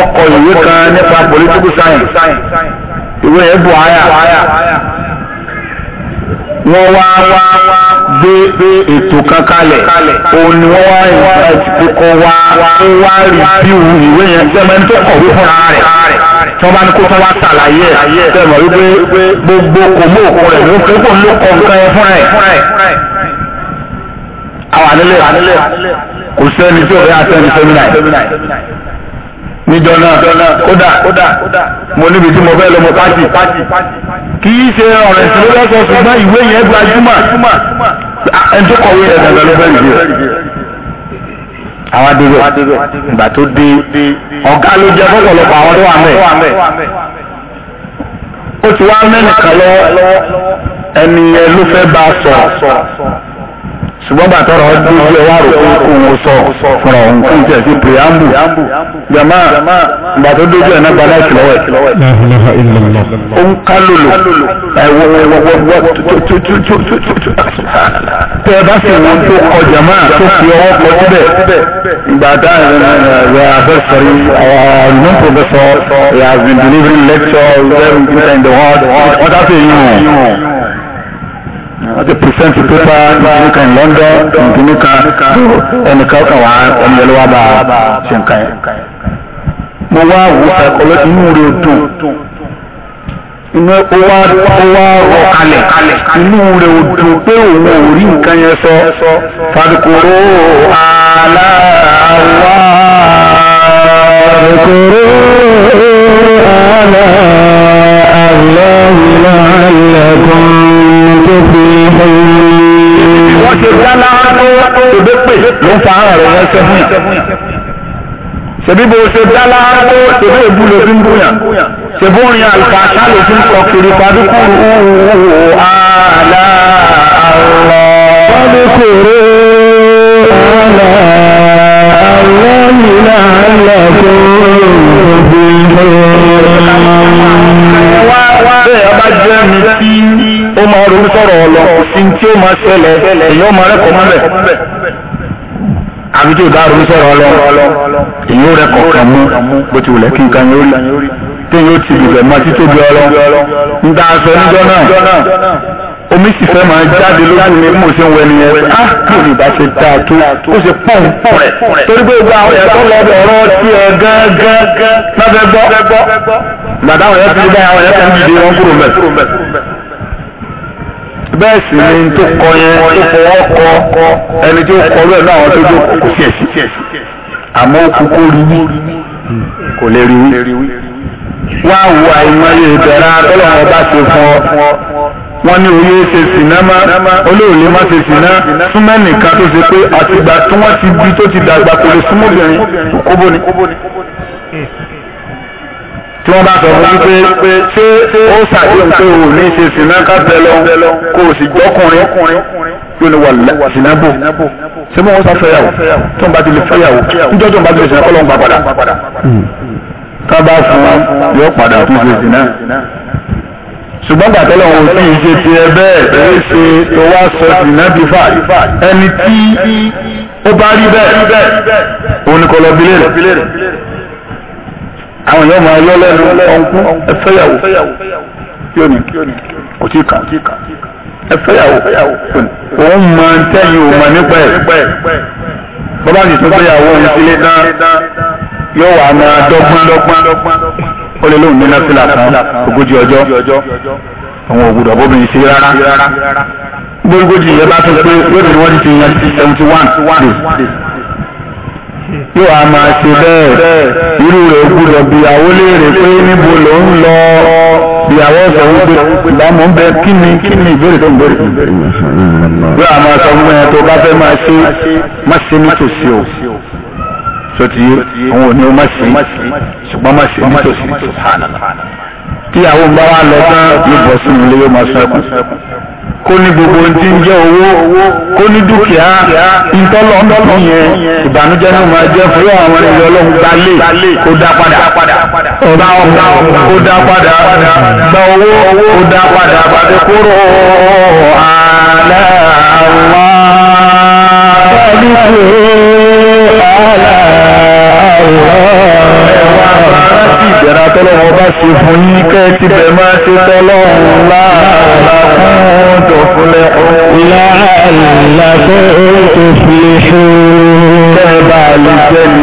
ọkọ̀ ìwé kan nípa political science ìwé ẹ̀ bù àyà wọ́n wá wá gbé ètò kan kalẹ̀ òun ni wọ́n wá ìfẹ́ pé kọ́ wá wá rìbíù ìwé yẹn sẹ́mọ̀ ẹni tó kọ̀wé fúnra rẹ̀ tí wọ́n bá ní kó tó wá ṣàlàyé ẹ̀ sẹ́mọ̀ wípé gbogbo kòmó òkun rẹ̀ ló kó ń lò kọ̀ǹkan yẹn fúnra ẹ̀. àwọn àlélẹ̀ kò sẹ́ni tí òwe àtẹ́ni sẹ́mínà níjọ náà kódà mo níbi tí mo fẹ́ lọ mo pàtì kì í ṣe ọ̀rọ̀ ìṣòro ṣùgbọ́n ìwé yẹn gbajúmọ̀ ẹni tó kọ̀wé ló fẹ́ nìyẹn àwọn adébẹ̀ ìgbà tó dé ọ̀gá ló jẹ́ fọ́pọ̀lọpọ̀ àwọn tó wà mẹ́ ó ti wá mẹ́nìkan lọ́wọ́ ẹni ẹ ló fẹ́ bá sọ̀rọ̀ ṣùgbọ́n bàtà ọ̀rọ̀ ọdún ìjọ wà rò fún kò wọ́n sọ fúnra òun kí n tẹ̀ sí preambu jama bàtà dójú ẹ̀ náà gba láì kìlọ́wẹ̀. ó ń ká lòlò tẹ ẹ bá sì wọn tó kọ jama tó fi ọwọ́ kọ síbẹ̀ gbàtà àfẹsọ̀rí àwọn professor he has been delivering lectures every time the world wọ́n dá sí èyí hàn wọ́n ti present pépà kan London nìkíní kan ẹnìkan kan wà ọmọdé wa bá ṣe nǹkan yẹn. mo wá wò ẹ̀kọ́ inú rẹ̀ dùn inú ó wá rọ kalẹ̀ inú rẹ̀ ò dùn pé òun ò rí nǹkan yẹn sọ fàdùkúrò aláwa fàdùkúrò aláwa làálẹ̀ kan. ṣe lálá tó tòdó pè ló ń fa ara rẹ̀ wọ́n ṣe fún yàn. ṣèbí bó ṣe dálá tó tòdó èbú ló fi ń bú yàn. ṣèbó rin àlùfàṣà ló fi ń sọ kiri padùkù àlà wọ́n ní kò rè máa ṣẹlẹ̀ èyí ó máa ma mọ́bẹ̀ àbí tí o dárò sọ̀rọ̀ lọ èyí ó rẹ́kọ̀ọ́ kan mú bó ti wùlẹ̀ kí nǹkan yóò rí tí yóò ti bìbẹ̀ máa ti tóbi ń dá aṣọ náà omi sì fẹ́ máa jáde lójú kí ni ìbá ṣe dáa tó ó ṣe rẹ̀ torí pé àwọn ọ̀rọ̀ gángan bẹ́ẹ̀ sì ni tó kọ yẹn tó fọwọ́ kọ ẹni tí ó kọ lóẹ̀ náà àwọn tó jókòó kò sí ẹ̀sì àmọ́ kókó rí wí kò lè rí wí. wá wo àìmọye ìbẹ̀rẹ̀ atọ́lọ́wọ́ bá ṣe fún ọ wọ́n ní oyè ṣe sinamá olóòlé má ṣe siná súnmẹ́nìkan tó ṣe pé àtìgbà tí wọ́n ti bí tó ti dàgbà kò lè súnmọ́bìnrin kóbóni tí wọ́n bá sọ fún wípé ṣé ó ṣàdéhùn pé o ní ṣe sinaka tẹlọ kó o sì gbọ́kùnrin yóò ní wà sinabo ṣé mo ń sá fẹ́yàwó tó ń bá ti lè fẹ́yàwó níjọ́ tó ń bá ti lè sinakọ́ lọ́n gbà padà kábà fún yóò padà fún ṣe sinna ṣùgbọ́n gbàtọ́ lọ́wọ́ tí ì ṣe tiẹ̀ bẹ́ẹ̀ bẹ́ẹ̀ ṣe tó wá sọ sinna bí fà ẹni tí ó bá rí bẹ́ẹ̀ òun ni kò lọ bílẹ̀ rẹ̀ àwọn èèyàn máa yọ lẹ́nu ọ̀nkún ẹfẹ́yàwó kí ó ní kò tí kàn ẹfẹ́yàwó òun máa ń tẹ́yìn òun máa nípa ẹ̀ bọ́lá ti tún gbéyàwó òun sílé dán yóò wà máa dọ́gbọ́n ó lè lóun ní náfìlà kan ogójì ọjọ́ àwọn ògùdọ̀ bóbìnrin sí rárá gbogbo jìyẹ bá tún pé lónìí wọ́n ti ti yan seventy one days yóò a máa ṣe bẹ́ẹ̀ irú rẹ̀ gbúdọ̀ bí àwọn léèrè pé níbo ló ń lọ ìyàwó ọ̀sẹ̀ wípé ìbámu ń bẹ kí ni kí ni ìbéèrè tó ń bẹ̀rẹ̀. yóò a máa sọ fún ẹ tó bá fẹ́ máa ṣe má ṣe nítòsí o sọtí òun ò ní o má ṣe ṣùgbọ́n má ṣe nítòsí tí ń bá wa lọ tán yóò ilé yóò máa sọ ẹkùn kó ní gbogbo ohun tí ń jẹ́ owó kó ní dúkìá ìtọ́lọ̀ ọ̀dọ́lọ̀ yẹn ìbànújẹ́ náà máa jẹ́ fún àwọn ẹ̀yọ́ ọlọ́run gba lè kó dá padà gba ọ̀gá kó dá padà gba owó kó dá padà pàdé kúrò àlẹ́ tọ́lọ́run ọba ṣe fún yín kẹ́ ti bẹ̀ máa ṣe tọ́lọ́run láàrín tòfúnlẹ̀ láàrín tòfúnlẹ̀ kẹ́ẹ̀bà lè jẹ́ni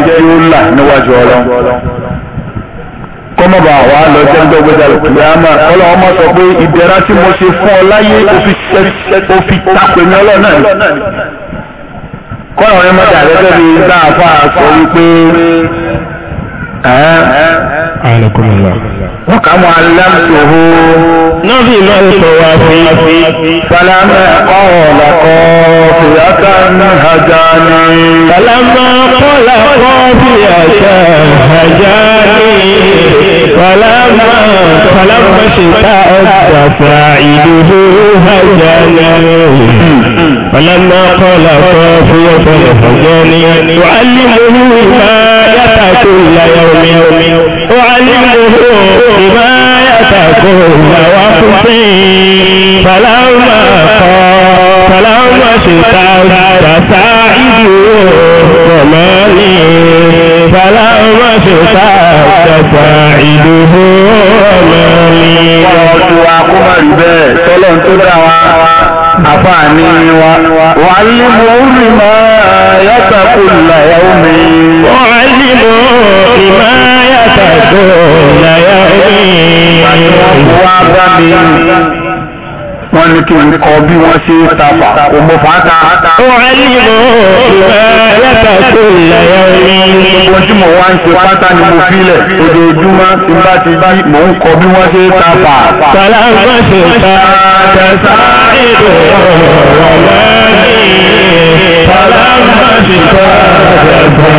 tí ó là níwájú ọlọ́run kọ́mọ̀bà wà lọ jẹ́ ń dọ́gbẹ́dà lọ́kùnrin ọlọ́run ọmọ sọ pé ìdẹ̀ra tí وكم علمته نظيم نبي فلما قال قافية هجاني فلما قال قافية هجاني فلما فلما شفاء الدفاعده هجاني فلما قال صافية الحجاني أعلمه رماية كل يوم أعلمه رماية كل وقت فلما قال فلما شتاء فساعده رماني فلما شتاء فساعده رماني. Ọ̀rọ̀ tiwa kó má rí bẹ́ẹ̀ tọ́lọ́ وعلمه لما كل يوم وعلموا لما كل يوم wọ́n ní kí n kọ bí wọ́n ṣe tàfà òmò fàáta ọ̀rẹ́lìmọ̀ ìbẹ̀rẹ̀ta tó lẹ̀yẹ̀ orí gbogbo tí mo wá ń ṣe pátá ni mo fílẹ̀ ojoojúmọ́ tí bá ti bá mò ń kọ bí wọ́n ṣe tàfà. sàlámà ṣe ta tẹ̀sán ìdò ọ̀rọ̀ mẹ́rin. فلما اشتد Tọ́wọ́ rẹ̀ fún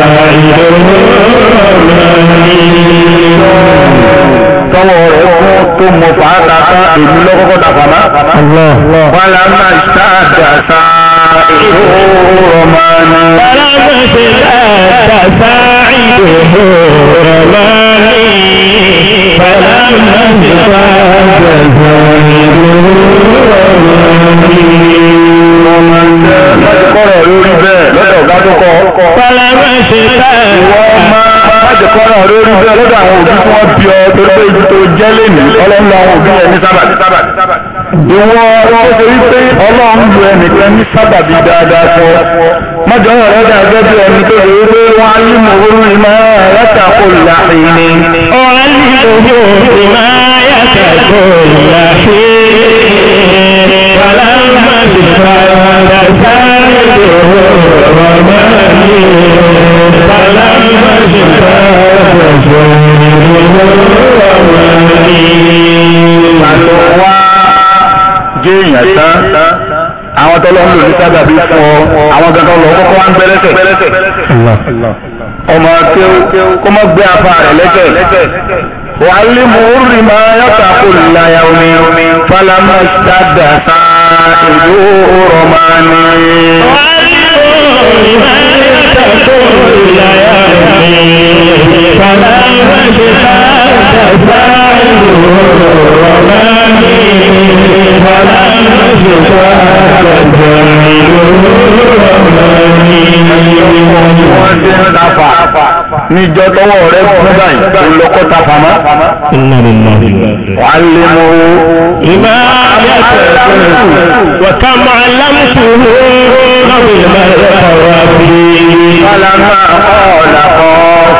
tó mọ̀ fàátàtà èmi lọ́kọ́kọ́ dàfàmá. Fàlámà ṣáàdà sáà ìhó rọ̀mánà. Fàlámà ṣáàdà sáà ìhó rọ̀mánà. Fàlámà ṣáàdà sáà ìhó rọ̀mánà kọ́rọ̀ rẹ rí bẹ́ẹ̀ lọ́dọ̀ ọ̀gá tó kọ́. Pẹlẹmú ṣe bẹ́ẹ̀. Ìwọ máa má jẹ kọ́rọ̀ rẹ rí bẹ́ẹ̀ lọ́dọ̀ àwọn òbí tí wọ́n bí ọ torí pé ibi tó jẹ́ lẹ́nu ọlọ́run àwọn òbí yẹn ní sábàbí. Ìwọ ó ṣe wí pé ọlọ́run lu ẹnìkan ní sábàbí dáadáa fún ọ. Mọ́jọ́ rẹ̀ dà gẹ́gẹ́ ẹni tó ṣe wí pé wọ́n á lé mòróró ìmọ̀ látàkó làìní. Ọ̀rẹ́ ní ìlú ìmọ̀ yàtàkó làìní. Wàlá máa ti fara èèyàn tán àwọn tó lọ ń lò ní sábàbí fún ọ àwọn gangan lọ kọ́kọ́ wá ń gbẹ́lẹ́sẹ̀ ọmọ kéwú kó mọ́ gbé afá rẹ̀ lẹ́sẹ̀ wàhálì mùúrì máa yàtọ̀ àkùnlá ya omi fálámà ṣáda ìlú rọ̀mánì. wàhálì Wọ́n ti ń dáfà níjọ tọwọ́ rẹ fún báyìí olùkọ́ ta pamọ́. wàhálẹ́mú ìmọ̀ àlẹ́kọ̀ọ́ wọ̀ká mọ̀ alámùsù lọ́wọ́ ìmọ̀ ẹ̀kọ́ bí. alámà ọ̀la kọ́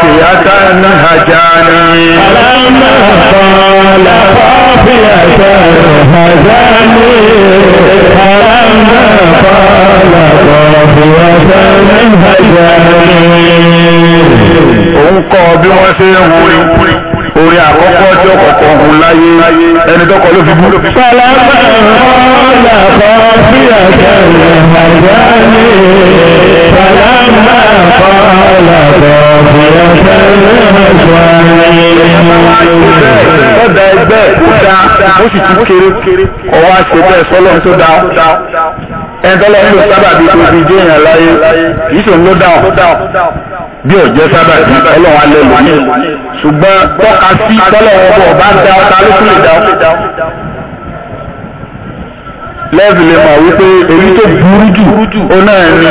fìyàtà náà jáde. alámà ọ̀la kọ́ fìyàtà náà jáde. alámà ọ̀la kọ́ fìyàtà náà jáde. ṣe ń hun àkọ́kọ́ tí ọkọ̀ọ̀kan hun láyé ẹni tọkọ ló fi bú. ọ̀dà ẹgbẹ́ ìta ó sì tún kéré ọwọ́ àṣẹ sọ́lọ́ tó dáa ẹ̀ńtọ́lọ́ ń lò sábàbí tó fi dé èèyàn láyé kì í ṣòun ló dáa. bí ọjọ́ sábà di ọlọ́run alẹ́ lòmíì ṣùgbọ́n tọ́ka sí tọ́lọ́run ọba ọba dá ọta lókùnrin dá ọ lẹ́ẹ̀fì lè mọ̀ wípé èyí tó burú jù ó náà ni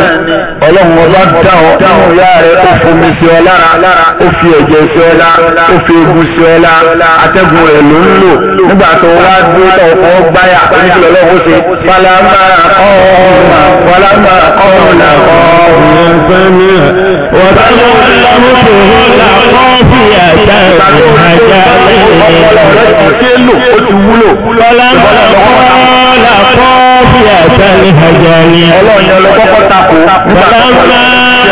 ọlọ́run ọba dá ọ nínú ìyá rẹ ó fomi sí ọ lára ó fi ẹ̀jẹ̀ sí ọ lára ó fi egun sí ọ lára atẹ́gùn rẹ̀ ló ń lò nígbà tó wá dé ọkọ̀ gbáyà oníṣẹ́ ọlọ́run ó ṣe pálámà ọ̀ọ́mà pálámà ọ̀ọ́nà ọ̀ọ́mà. wàtálọ́ ọlọ́mọdé ọ̀la kọ́ọ̀fì àjà àjà lẹ́yìn. ọpọlọ rẹ ti ṣe é lò ó ti wúlò. pálámà ọ̀ọ́nà kọ́ àfíàtà ní àjàní. ọlọ́run ọlọ́kọ́kọ́ takò. bàbá ńlá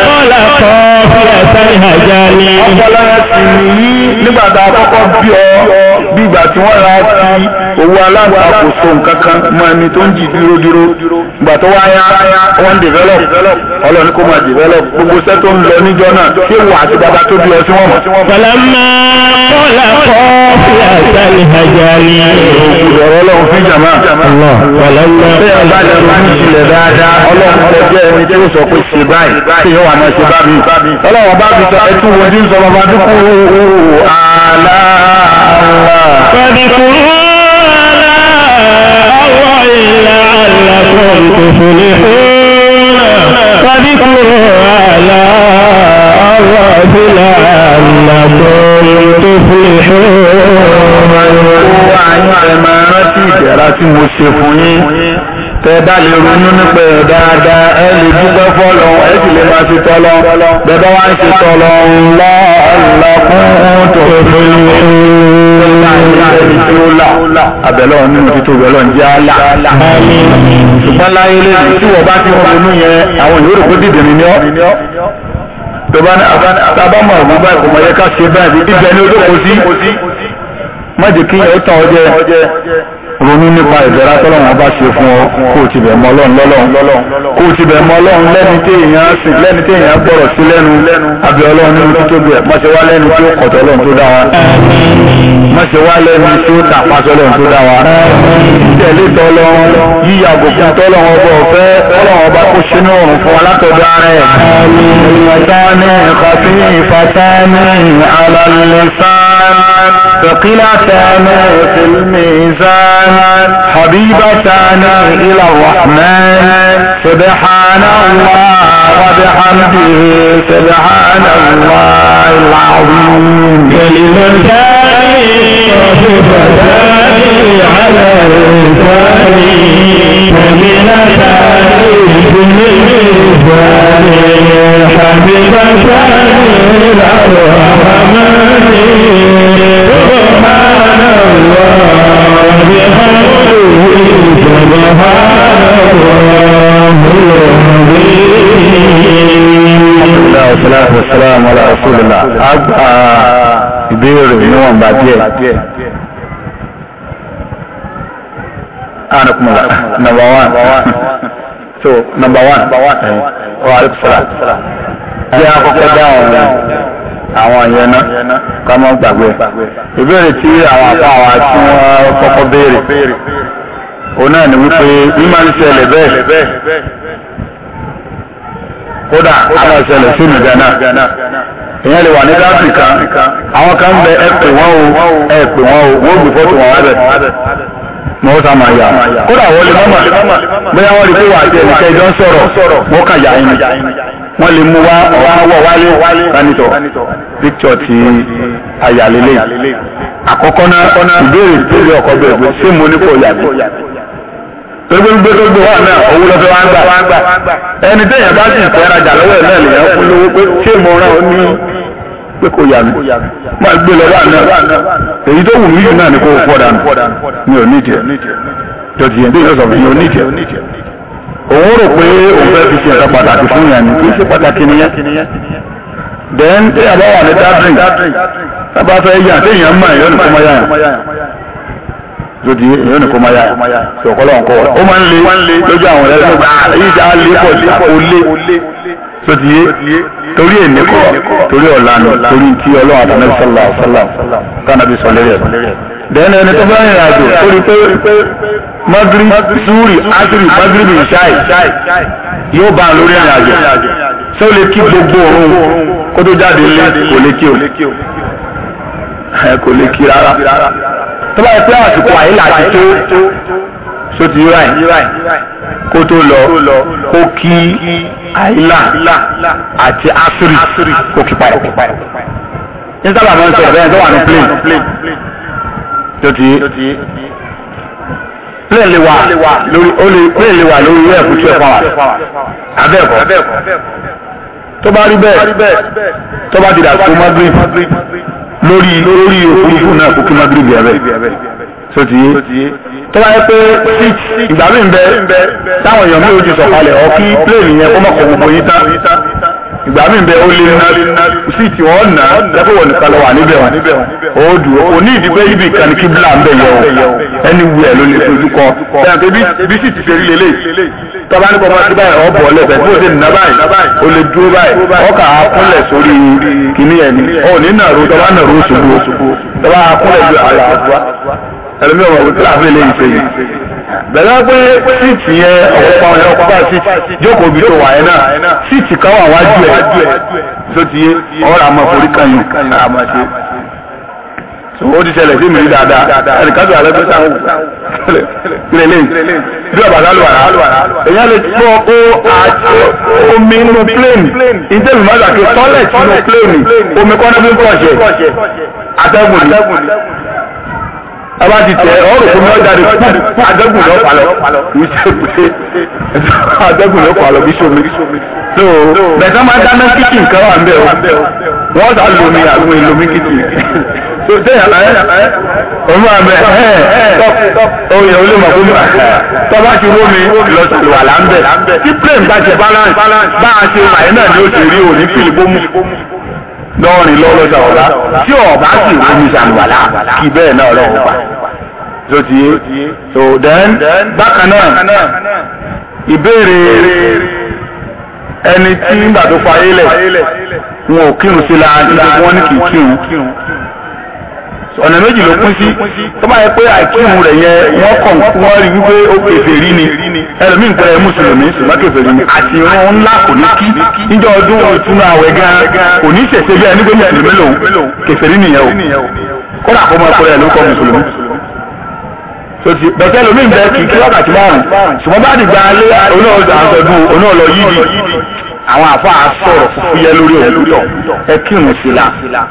kọ́là kọ́ àfíàtà ní àjàní. ọpọlọ yẹn sì kọ́kọ́ bí ọ bígbà tí wọ́n ra fi owó aláǹtakò so nǹkan kan mọ ẹni tó ń jì dúró dúró ìgbà tó wá yá wọ́n develop ọlọ́ni kó máa develop gbogbo iṣẹ́ tó ń lọ níjọ́ náà ṣé wà àti bàbá tó bí ọ sí wọ́n sàlámà kọ́lá kọ́ fi àṣàlì àjàlì. ọ̀rọ̀ ọlọ́run fún jàmá. sàlámà bẹ́ẹ̀ bá lè máa ń ọlọ́run lọ jẹ́ ẹni tí ó sọ pé ṣe báyìí ṣé yóò wà náà ṣe bá mi. ọlọ́run bá mi sọ ẹtú فاذكروها لعلكم تفلحون فاذكروها لعلكم تفلحون ìdẹ̀ra tí mo ṣe fún yín tẹ́ẹ̀dá lè ronú nípa ẹ̀ dáadáa ẹ lè dúpẹ́ fọ́lọ́ ẹ sì lè máa ṣe tọ́lọ bẹ́ẹ̀ wá ń ṣe tọ́lọ ńlá ọ̀la fún tòun tó lè tí ó là abẹ́lọ́ nínú títún ìwẹ́lọ́ ń jẹ́ àlà. ṣùgbọ́n láyé lẹ́nu tí wọ́n bá ti ń ronú yẹn àwọn ìwé òrùkú dìde ní ọ́ tọba ní abámọ̀ ọ̀gbọ́n báyìí yẹ ká ṣe báyìí ibẹ̀ ni ó sí má yẹn ó tàn ọ́ jẹ ronú nípa ìbẹ̀rẹ̀ atọ́lọ́wọ́n bá ṣe fún ọ kó o ti bẹ̀ mọ́ ọlọ́run lọ́lọ́run kó o ti bẹ̀ mọ́ ọlọ́run lẹ́ni tí èèyàn sì lẹ́ni tí èèyàn gbọ́rọ̀ sí lẹ́nu àbí ọlọ́run nínú títóbi ẹ̀ má ṣe wá lẹ́nu tí ó kọ̀tọ̀ ọlọ́run tó dá wa wá lẹ́nu tí ó tàpá sọlọ́run tó dá tẹ̀lé tọ́lọ́run yíyàgò fún tọ́lọ́run ọba ọ̀fẹ́ حبيبتان إلى الرحمن سبحان الله وبحمده سبحان الله العظيم كلمتان صفتان على الإنسان كلمتان في الإنسان حبيبتان Àgbà ìbéèrè níwọ̀nba díẹ̀. Ànàkùnmọ̀lá, nàbà wán. So, nàbà wán. Wà àríkùsọ́lá. Ẹgbẹ́ akọ́kọ́ dáhùn àwọn yẹn náà, ká mọ́ gbàgbé. Ìbéèrè tí àwọn àpá àwọn àti wọn kọ́kọ́ béèrè. ona náà ni wípé mímá ń ṣẹlẹ̀ bẹ́ẹ̀ kódà àwọn ìṣẹ̀lẹ̀ sí mi gánà ìyẹn lè wà ní gáàsì kan àwọn kan bẹ ẹ pè wọn o ẹ pè wọn o wọn ò gbé fọ́tò wọn wábẹ̀ ni wọ́n máa yà kódà wọ́n lè bóyá wọ́n wà ìjọ ń sọ̀rọ̀ wọ́n kà yà yín wọ́n lè mú wá kánitọ̀ píkítọ̀ ti ayàlélẹ̀ àkọ́kọ́ náà ìbéèrè ìbéèrè bẹ̀rẹ̀ pé ṣé mo gbogbo gbogbo wa náà owó lọ́fẹ́ wa ń gbà ẹni tẹ́yìn bá sì fẹ́ rajà lọ́wọ́ ẹ̀ náà lèyàn fún lówó pé ṣé mo rán ọ ní pé kò yà mí máa gbé lọ wà náà èyí tó wù mí yìí náà ni kò fọ́ dànù mi ò ní tiẹ̀ jọ̀dì yẹn bí sọ̀rọ̀ mi ò ní tiẹ̀ òun rò pé òun fẹ́ fi ṣe ẹ̀ka pàtàkì fún yàn ní kí ṣe pàtàkì nìyẹn then tẹ́yà bá wà ní dádìrín tábà fẹ́ yà téèyàn mọ̀ ẹ̀yọ́ lódì yóò ní kó máa yá sọ̀kọ́lọ́ nǹkọ́ ó máa ń le lójú àwọn ẹ̀rọ ẹ̀rọ yìí dá lé pọ̀ sí ó lé lódì yé torí èmi kọ́ torí ọ̀la nù torí ti ọlọ́run àtàlẹ́ sọ́lá sọ́lá kánàbí sọ lérí ẹ̀. dẹ́nu ẹni tó bá rìnrìn àjò ó rí pé magiri suri asiri magiri bi ṣáì yóò bá a lórí ìrìn àjò sọ lè kí gbogbo òun kó tó jáde lé kò lè kí o kò lè kí rárá tó bá yẹ pé àsìkò àyílà ti tó so ti yúra ẹ̀ kó tó lọ kó kí àyílà àti asiri kó kí parẹ́ ní sábà máa ń sọ ọ̀bẹ yẹn tó wà ní plane tó ti plane lè wà lórí ó lè plane lè wà lórí ilé ẹ̀kú tí ẹ̀ fún wa abẹ́ẹ̀kọ́ tó bá rí bẹ́ẹ̀ tó bá ti dà kó mọ́ green lórí lórí òfurufú náà kókí magrebi abẹ sotiye tọ́ba yẹ pé six ìgbà mi ń bẹ táwọn èèyàn mi ò ti sọ̀kalẹ̀ ọ̀kí plane yẹn kó mọ̀ kó gbogbo yín tán ìgbà mi bẹ ó lé ná sí tí wọn nà lẹfọ wọn nìkan lọ wà níbẹ̀ wọn ó dùn ó ní ìdí pé ibi kan ní kíbla ń bẹ yẹ o ẹni wù ẹ ló lè fojú kọ bẹ́ẹ̀ pé bí sì ti ṣe rí lélẹ̀ tọba nípa ọmọ àti báyìí ọbọ lẹbẹ tí o ṣe nà báyìí o lè dúró báyìí ọkà akúnlẹ̀ sórí kìnìún ẹni ọ ní nàró tọba nàró ṣubú tọba akúnlẹ̀ ju àlàáfíà ẹlòmíràn wọn kí láàfin lè ṣe yìí bẹ̀rẹ̀ pé síìtì yẹn ọ̀pọ̀pọ̀ àwọn ọ̀pọ̀pọ̀ síìtì jókòó bí tó wà ẹ̀ náà síìtì ká wà wájú ẹ̀ tó ti yé ọ̀rọ̀ àmọ́ forí kan yìí àmọ́ ṣe. ó ti ṣẹlẹ̀ sí mi rí dáadáa ẹnìkan tó àlẹ́ gbé sáwọn kílélẹ́ bí ọ̀bà dá lùwàrà èyàn lè fọ́ ó omi inú pléènì ìdẹ́bí mọ́tàkì tọ́lẹ̀ sínú pléènì omi kọ́nẹ́bí ń pọ̀ ṣe ni ọba ti tẹ ọrùn fún mi ọjà rẹ kú adẹ́gùn lọ pa lọ kì í ṣe pé adẹ́gùn lọ pa lọ kì í ṣe omi. so bẹ̀tẹ̀ máa dáná kíkì nǹkan wà nbẹ o wọ́n dà lómi àwọn èlòmí kíkì so sẹ́yìn àlàyé ọmọ àmì ẹ̀ oyè olóòmọ̀ fún mi tọ́ba ti rómi lọ sàlùwà là ń bẹ̀ tí plane bá ti balance bá a ṣe wà yẹn náà ni ó ti rí òní pìlì bómú lọ́rin lọ́lọ́dà ọ̀la tí ọ̀bá sì romi ṣàlùwàlá kì bẹ́ẹ̀ náà ọlọ́run pa so ti yé so then bákan náà ìbéèrè ẹni tí nígbà tó fa ayé lẹ̀ wọn ò kírun sí la nígbà tí ní kì í kírun ọ̀nà méjì ló pín sí tó bá yẹ pé àìkírun rẹ̀ yẹ wọ́n kàn wọ́n rí wípé ó kèfèrí ni ẹlòmíì nǹkan ẹ̀ mùsùlùmí ṣùgbọ́n kèfèrí ni àti irun ńlá kò ní kí níjọ́ ọdún ìtúnu àwẹ̀ gan kò ní ṣẹ̀ṣẹ̀ bí ẹni pé mùsùlùmí lòun kèfèrí nìyẹn o kódà kó máa kóra ẹ̀ ló kọ́ mùsùlùmí sosi bẹtẹ lomi bẹ kìkì wákàtí márùn ṣùgbọ́n bá dìgbà alẹ́ onáòlò la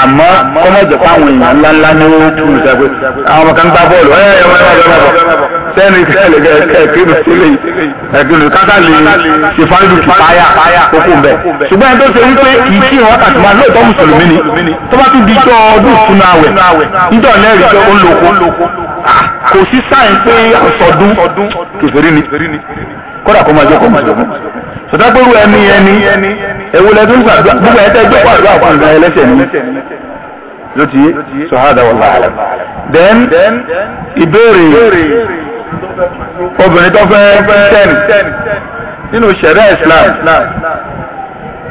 àmọ́ kọ́mọ̀jẹ̀ fáwọn èèyàn ńlá ńlá ní ó tún ìṣàgbé àwọn ọmọ kan gbá bọ́ọ̀lù ẹ̀ ẹ̀ ọmọ ẹ̀ ọmọ sẹ́ni sẹ́ni ẹ̀kínú sílẹ̀ ẹ̀kínú káká lè ṣe fáìlù kì páyà kókó mbẹ́. ṣùgbọ́n ẹni tó ṣe wípé kì í kí ìwọ́n kàtí máa lóòótọ́ mùsùlùmí ni tó bá tún di ijọ́ ọdún ìtúnu àwẹ̀ níjọ́ lẹ́rìí tó ń lòkó kò sí sáyẹn pé àsọdún kìfèrí sọdágbérú ẹni ẹni ewúlẹ̀ tó ń sàdúrà gbogbo ẹ̀ tẹ́gbẹ́ wàdúrà fún ìgbà ẹlẹ́sẹ̀ ni ló ti sọ̀hádà wà láàlẹ̀. then ìbéèrè obìnrin tó fẹ́ tẹ́nì nínú ṣẹ̀rẹ́ Islam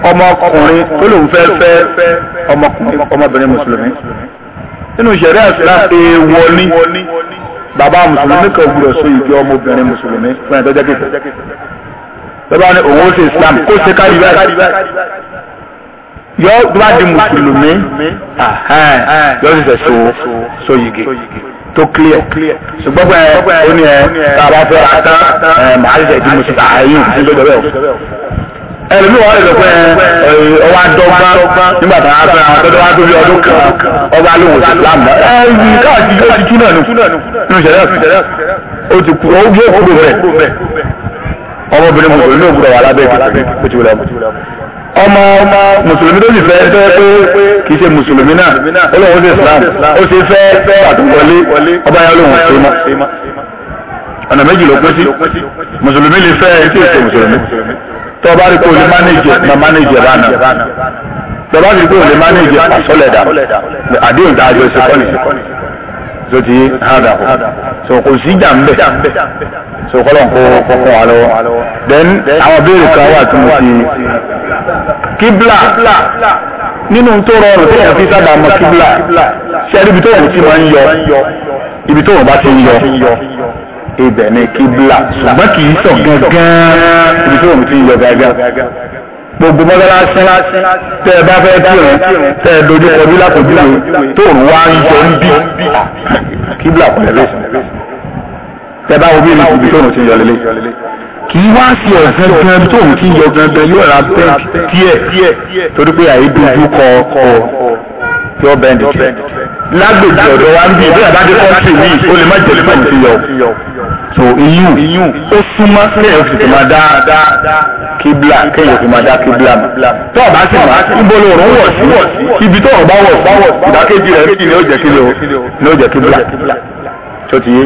ọmọkùnrin tó lòun fẹ́ fẹ́ ọmọbìnrin mùsùlùmí nínú ṣẹ̀rẹ́ Islam èèwọ̀ ni bàbá mùsùlùmí kan gbúdọ̀ sóyè kí ọmọbìnrin mùsùlùmí fún ẹ̀ lọ́ba ní òun ó ṣe islam kó ṣe kárí báyìí yọ bá di mùsùlùmí yọ sì fẹ́ so so yìgì tó clear ṣùgbọ́n pé ó ní ẹ tá fẹ́ ra màá ṣe di mùsùlùmí ààyè nígbà bẹ́ẹ̀ o ẹlòmí wọn lè sọ pé ọwọ́ adọ́gba nígbà tí wọn fẹ́ àwọn tọ́jọ́ wọn tó bí ọdún kan ọba ló wò sí islam náà ẹ yìí káàkiri ó ti tú náà nù nù ṣẹlẹ̀ ó ti kú ó gbé òkúrò rẹ̀ ọmọbìnrin mùsùlùmí ló gbúdọ̀ wà lábẹ́ ìfẹ́ kò tí wọlé ọmọ mùsùlùmí tó sì fẹ́ fẹ́ pé kì í ṣe mùsùlùmí náà ó lọ́wọ́ sí islam ó sì fẹ́ fẹ́ àtúwọlé ọba yẹn lòun ṣe mọ́ ọ̀nà méjì ló pín sí mùsùlùmí lè fẹ́ ẹ tí ò ṣe mùsùlùmí tó bá rí kó lè mánéjì ẹ̀ mánéjì ẹ̀ bá náà tó bá rí kó lè mánéjì ẹ̀ pàṣọ́lẹ̀dà àdéhùn tá a jọ ló ti hádà kù so kò sí jà ń bẹ̀ so kọ́lọ̀ kó kọ́kọ́ wa lọ́wọ́ then àwọn béèrè kan wà tí mo ti kibla, nínú tó rọrùn tí èèyàn fi sábà mọ kíbla ṣe ibi tó wọ́n ti máa ń yọ ibi tó wọ́n bá ti ń yọ ibẹ̀ ni kíbla ṣùgbọ́n kì í sọ gangan ibi tó wọ́n ti ń yọ gangan gbogbo mọ́sálásí tẹ́ ẹ bá fẹ́ kírun tẹ́ ẹ dojú kọjú lápòjúwe tóòrùn wá ń yọ ń bì kíbla pẹ̀lú tẹ́ bá wo bí ìlú ibi tóòrùn ti yọ lélẹ̀ kì í wá sí ọ̀sẹ̀ gan tóòrùn ti yọ gangan yóò ra bẹ́ẹ̀ díẹ̀ torí pé àyè dojú kọ kọ yọ bẹ́ẹ̀ndì kí lágbègbè ọ̀dọ̀ wa ń bí ìbéèrè bá dé kọ́ńtì mi ò lè má jẹ́ tóòrùn ti yọ so iyún ó súnmọ́ kéèyàn fi máa dá kíbla kéèyàn fi máa dá kíbla mi. tó o bá sì máa ibo ló rún wọ̀ sí ibi tó o bá wọ̀ sí ìdákejì rẹ̀ méjì ni ó jẹ́ O ni ó jẹ́ kíbla tó ti yé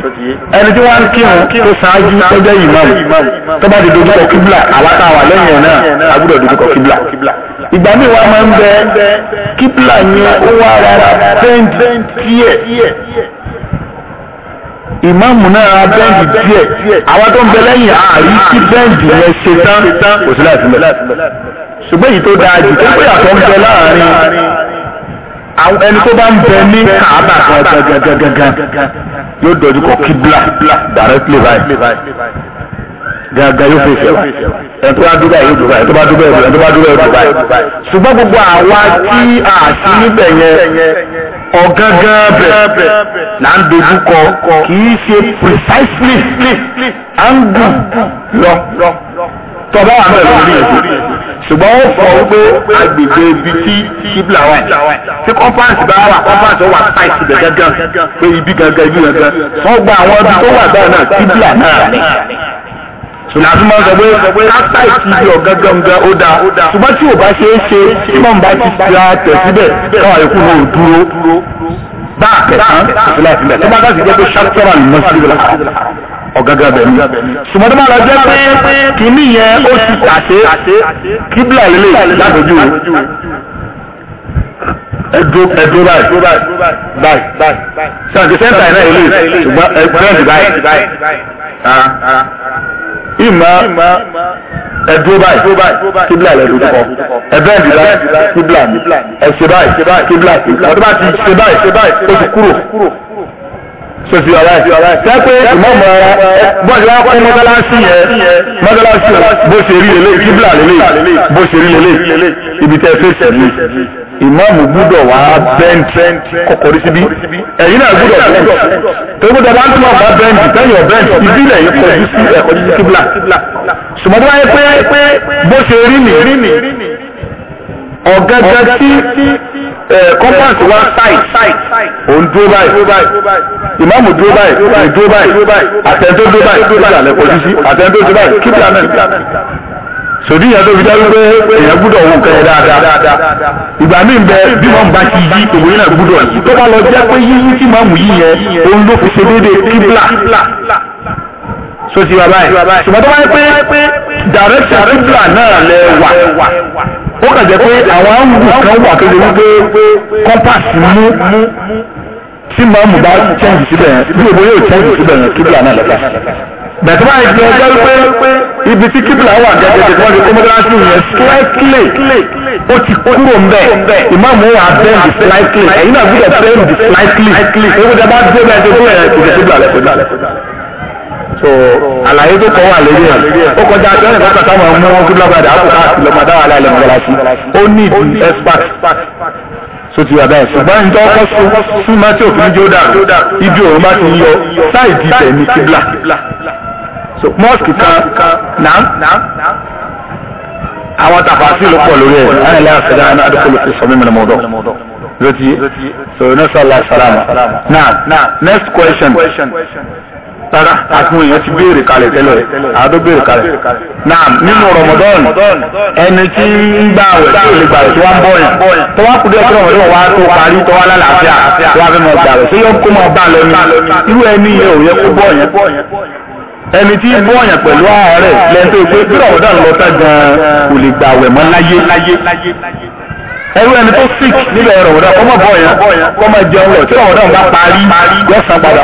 ẹni tí wọ́n ń kírun tó ṣáájú tó jẹ́ ìmáàmù tó bá ti dojúkọ kíbla àwa wà lẹ́yìn ẹ̀ náà a gbọ́dọ̀ dojúkọ kíbla ìgbà míì wọ́n máa ń bẹ kíbla yẹn ó wà rárá pẹ́ńtì díẹ̀ ìmáàmù náà bẹ́ǹdì díẹ̀ àwọn tó ń bẹ lẹ́yìn ààrí tí bẹ́ǹdì yẹn ṣe tán kò sí láti mẹ́. ṣùgbọ́n èyí tó dáa jù tó péyà tó ń bẹ láàrin ẹni tó bá ń bẹ ní kàábà gangan yóò dojú kọ kíbla directly báyìí gangan yóò fèsì ẹwà ẹni tó bá dúbà yóò dúbà ẹni tó bá dúbà yóò dúbà ẹni tó bá dúbà yóò dúbà ṣùgbọ́n gbogbo àwa tí a sí níbẹ̀ yẹn ọ̀gángan bẹ̀ là ń dojúkọ kì í ṣe precisely angle lọ tọ́ba wà náà lórí ẹ̀ ṣùgbọ́n ó fọ wípé agbègbè ibi tí kíbla wà tí kọ́fáǹsì bá wà kọ́fáǹsì wà táìsì bẹ̀ gángan pé ibi gángan ibi gángan wọ́n gba àwọn ibi tó wà bẹ́ẹ̀ náà kíbla náà láti máa ń sọ pé kápá ìtìjú ọ̀gángangá ó dáa ṣùgbọ́n tí ò bá ṣe é ṣe tí mọ̀ bá ti fi àtẹ̀ síbẹ̀ káwa yòókù náà dúró bá àtẹ̀sán ìfìlà ìfìlà tó bá dá sí jẹ́ pé ṣàtúrà nínú sílẹ̀ ọ̀gágá bẹ̀ ni. ṣùgbọ́n tó bá lọ jẹ́ pé kìíní yẹn ó ti tàṣe kíbla ilé lágbèjú ẹdó ẹdó báyìí báyìí báyìí sàǹkì sẹ́ńtà iná ilé ṣùgbọ́n ẹgbẹ́ báyìí. Ah ìmọ̀ ẹ̀dúró báyìí kíbla lẹ́nu kọ́ ẹ̀bẹ́ẹ̀ dìlá kíbla mi ẹ̀ṣẹ̀ báyìí kíbla mi ọdún bá ti ṣe báyìí ó ti kúrò sosi ọlá ẹ tẹpẹ ìmọ̀mọ̀ ara bọ́ọ̀dì wa kọ́ mọ́tàláṣí yẹn mọ́tàláṣí bó ṣe rí lélẹ̀ kíbla lélẹ̀ bó ṣe rí lélẹ̀ ibi tẹ́ fẹ́ sẹ́yìn ìmáàmù gbúdọ̀ wá bẹ́ǹtì kọkọrí síbí ẹ̀yin náà gbúdọ̀ bẹ́ǹtì tó gbúdọ̀ bá ń tún ọ̀gá bẹ́ǹtì tẹ́yìn ọ̀bẹ́ǹtì ìbí lẹ́yìn kọjú sí ẹ̀kọ́ sí kíbla ṣùgbọ́n tó wáyé pé bó ṣe rí nì ọ̀gágá tí kọ́mpáǹsì wa ṣáì òun dúró báyìí ìmáàmù dúró báyìí dúró báyìí àtẹ̀ntó dúró báyìí kíbla lẹ́kọ̀ọ́ sí àtẹ̀ntó dúró báyìí kíbla náà sòdí ìyá tó fi dáwí pé èèyàn gbúdọ̀ wò kẹyẹ dáadáa ìgbà míì bẹ bí màmú bá ti yí òwúrọ̀ náà gbúdọ̀ yìí tó bá lọ jẹ́ pé yíyí tí màmú yí yẹn òun ló fi ṣe déédéé kíblà sosi wa báyìí ṣùgbọ́n tó bá yẹ pé direction kíblà náà lẹ wà ó kàn jẹ́ pé àwọn àwùjọ kan wà tó lè wípé compass mú tí màmú bá change síbẹ̀ yẹn bí òbó yóò change síbẹ̀ yẹn kíblà náà lẹ́ka bàtí wàá di ọjọ́ pé ibi tí kíbla wà gẹ́gẹ́ wọ́n di kọ́mọ́dúnrásì yẹn slightly ó ti kúrò mbẹ́ ìmáàmù wà bend slightly ẹ̀yin náà gbọ́dọ̀ bend slightly ewu dẹ́ bá dé bẹ́ẹ̀ tó kúrò yẹn kò dé kíbla lẹ́kọ̀ọ́ so àlàyé tó kọ wà lórí ẹ ó kọjá tó ẹnì kan sáwọn ọmọ wọn kíbla padà á kò ká lọmọdé wà láì lọmọdé ó ní ìdí expert sotí wa báyìí ṣùgbọ́n ní tọ́kọ́ súnmọ́ tí òfin jó dà ibi òun bá ti yọ sáìdì tẹ̀ ní kíbla so mosque kan naam àwọn tàfàṣì ló pọ̀ lórí ẹ̀ ẹ̀ lẹ́yìn àṣẹjá náà adókòlù ti sọ mímìnà mọ́dọ̀ lótí so nasala salama naam next question rárá àtúnwò èèyàn ti béèrè kalẹ̀ tẹ́lẹ̀ àádó béèrè kalẹ̀ naam nínú Ramadan ẹni tí ń gbà wẹ̀ tí ò lè gbà wẹ̀ tí wọ́n ń bọ̀ yàn tó wá kúndé ọtí Ramadan wá tó parí tó wá lálàáfíà tó wá fẹ́ mọ̀ gbà wẹ̀ tó yẹ kó mọ̀ bá lọ irú ẹni yẹn ò yẹ kó bọ̀ yẹn ẹni tí ń bọ́ pẹ̀lú ààrẹ lẹ́yìn tó pé bí ọ̀dà ń lọ tán gan-an kò lè gbà wẹ̀ mọ́ láyé ẹrú ẹni tó sick nílẹ̀ ọ̀rọ̀ ọ̀dà kọ́mọ̀ bọ̀ ọ̀yàn kọ́mọ̀ jẹun lọ tí ọ̀dà ń bá parí yọ̀ọ̀sán padà.